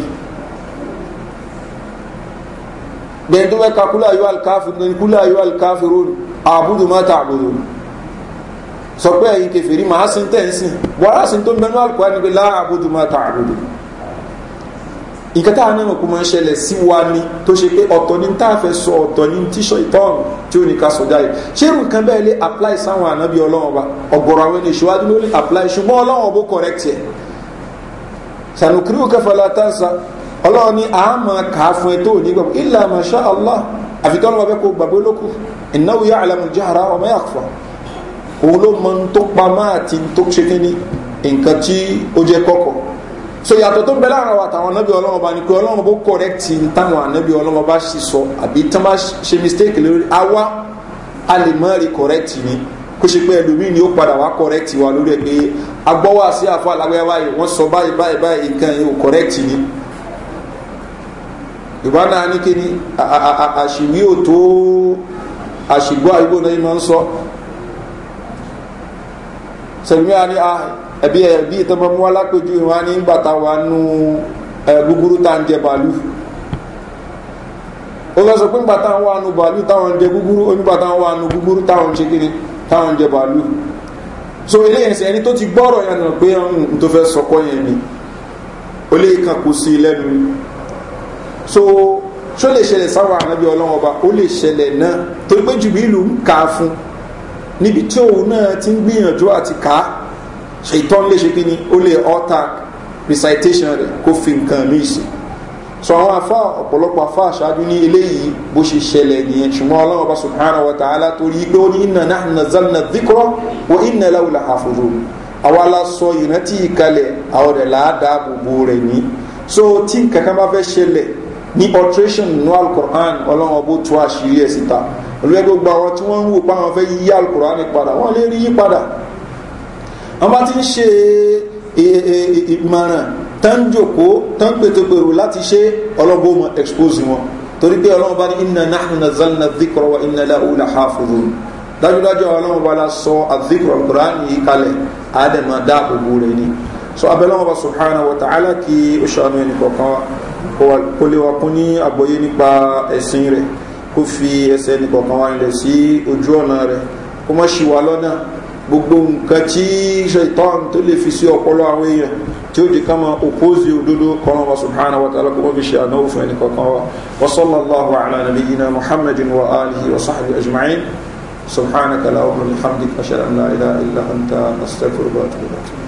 dẹni tó bẹ ka kúlẹ̀ ayọ́ alikafirun dẹni kúlẹ̀ ayọ́ alikafirun àbúdù má ta àbúdù sọ pé ẹ̀yin kẹfìrí màá sin tẹ̀sìn wàhálà sin tó mẹnu alukọ́ ni pé láà àbúdù má ta àbúdù nǹkan tá a máa ń ṣẹlẹ̀ sí wa ni tó ṣe pé ọ̀tọ̀ ni tá a fẹ́ sọ ọ̀tọ̀ ni tíṣọ ìtọ́n tí ó ní ká sọ jáde ṣé irú nǹkan bẹ́ẹ̀ lè apply sáwọn ànábì ọlọ́run ọba ọ̀gọ̀rọ̀ àwọn apply ṣùgbọ́n ọlọ́run ọbó correct yẹ sanukiru kẹfà ọlọ́run ni a máa kà á fún ẹ tó ní gbàgbọ́ ilà masha allah àfikún ọlọ́run bẹ́ẹ̀ kó gbàgbé lókù ìnáwó yà àlàmù jára ọmọ yà fà òun ló mọ tó pamọ́ àti tó ṣe kí ni nǹkan tí ó jẹ́ kọ́kọ́ so yàtọ̀ tó ń bẹ láàrin àwọn àtàwọn anábì ọlọ́run ọba ni pé ọlọ́run bó kọ̀rẹ́kìtì táwọn anábì ọlọ́run ọba sì sọ àbí tán bá ṣe mistake lórí awa a lè mọ́ rí kọ̀rẹ́kìtì ni kó ṣe pé ẹlòmíì ni ó padà wá kọ̀rẹ́kìtì wa lórí ẹ pé agbọ́wọ́ àti àfọ alágbẹ́yà báyìí wọ́n sọ báyìí báyìí báyìí nǹkan yìí ò kọ̀rẹ́kìtì ni ìbá náà ní kí ni àṣìwí ò tó àṣìgbọ́ àyíkò náà máa ń sọ sẹ̀mí ah, a ní ẹ̀bí ẹ̀bí ìtọ́mọ́mú alápèjú ìwọ̀n á ní gbàtà wà nù gbúgbúrú tá ń jẹ bàálù ó fẹ́ sọ pé gbàtà wà nù bàálù táwọn jẹ ó ní wà nù táwọn ṣe jẹ bàálù so eléyìí ẹni tó ti gbọ́rọ̀ yẹn nà pé tó fẹ́ sọkọ́ yẹn ni ó lè kàn kó sí so ṣó lè ṣẹlẹ̀ sáwọn ànábì ọlọ́wọ́n ọba ó lè ṣẹlẹ̀ náà torí pé jùbìlù ń kà á fún níbi tí òun náà ti ń gbìyànjú àti kà á ṣètọ́n lè ṣe kí ni ó lè ọ́ta recitation rẹ̀ kó fi nǹkan míì sí so àwọn afá ọ̀pọ̀lọpọ̀ afá aṣáájú ní eléyìí bó ṣe ṣẹlẹ̀ nìyẹn ṣùgbọ́n ọlọ́run ọba subhanahu wa ta'ala torí pé ó ní iná náà nazalna dhikra wa iná láwùlà àfòrò àwa la sọ ìrántí ìkalẹ̀ àwọn rẹ̀ láàdáàbòbò rẹ̀ ní so tí kankan bá fẹ́ ṣẹlẹ̀ Ni alteration nínú alukur'an ọlọ́run ọbó tú àṣírí ẹ̀ síta olùwẹ́ gbogbo àwọn tí wọ́n ń wò pa àwọn fẹ́ yí alukur'an padà wọ́n lè rí yí padà wọ́n bá ti ń ṣe e, e, e, ìmọ̀ràn tán jòkó tán pètèpèrò láti ṣe ọlọ́gbó mọ̀ expose wọn torí pé ọlọ́run bá ní iná náà zanna dhikra wa iná la ula hafudu dájúdájú ọlọ́run bá la sọ àdhikra alukur'an yìí kalẹ̀ àdèmọ̀ dáàbò bò rẹ̀ ni so abẹ́lẹ́wọ̀n bá subhanahu wa ta'ala kí ó ṣàánú ẹnì kọ̀ọ̀kan wa kó lè wa kún ní àgbọ́yé nípa ẹ̀sìn rẹ̀ kó fi ẹsẹ̀ ẹnì kọ̀ọ̀kan wa rẹ̀ sí ojú ọ̀nà rẹ̀ kó má ṣì wá lọ́nà gbogbo nǹkan tí ṣètọ́n tó lè fi sí ọpọlọ àwọn èèyàn tí ó di kama òpózi òdodo kọ́nà wa subhanahu wa ta'ala kó wọ́n fi ṣe ànáwó fún ẹnì kọ̀ọ̀kan wa wa sallallahu ala wa alihi wa sahbihi ajma'in subhanaka la wa bihamdika ashhadu an ilaha anta astaghfiruka wa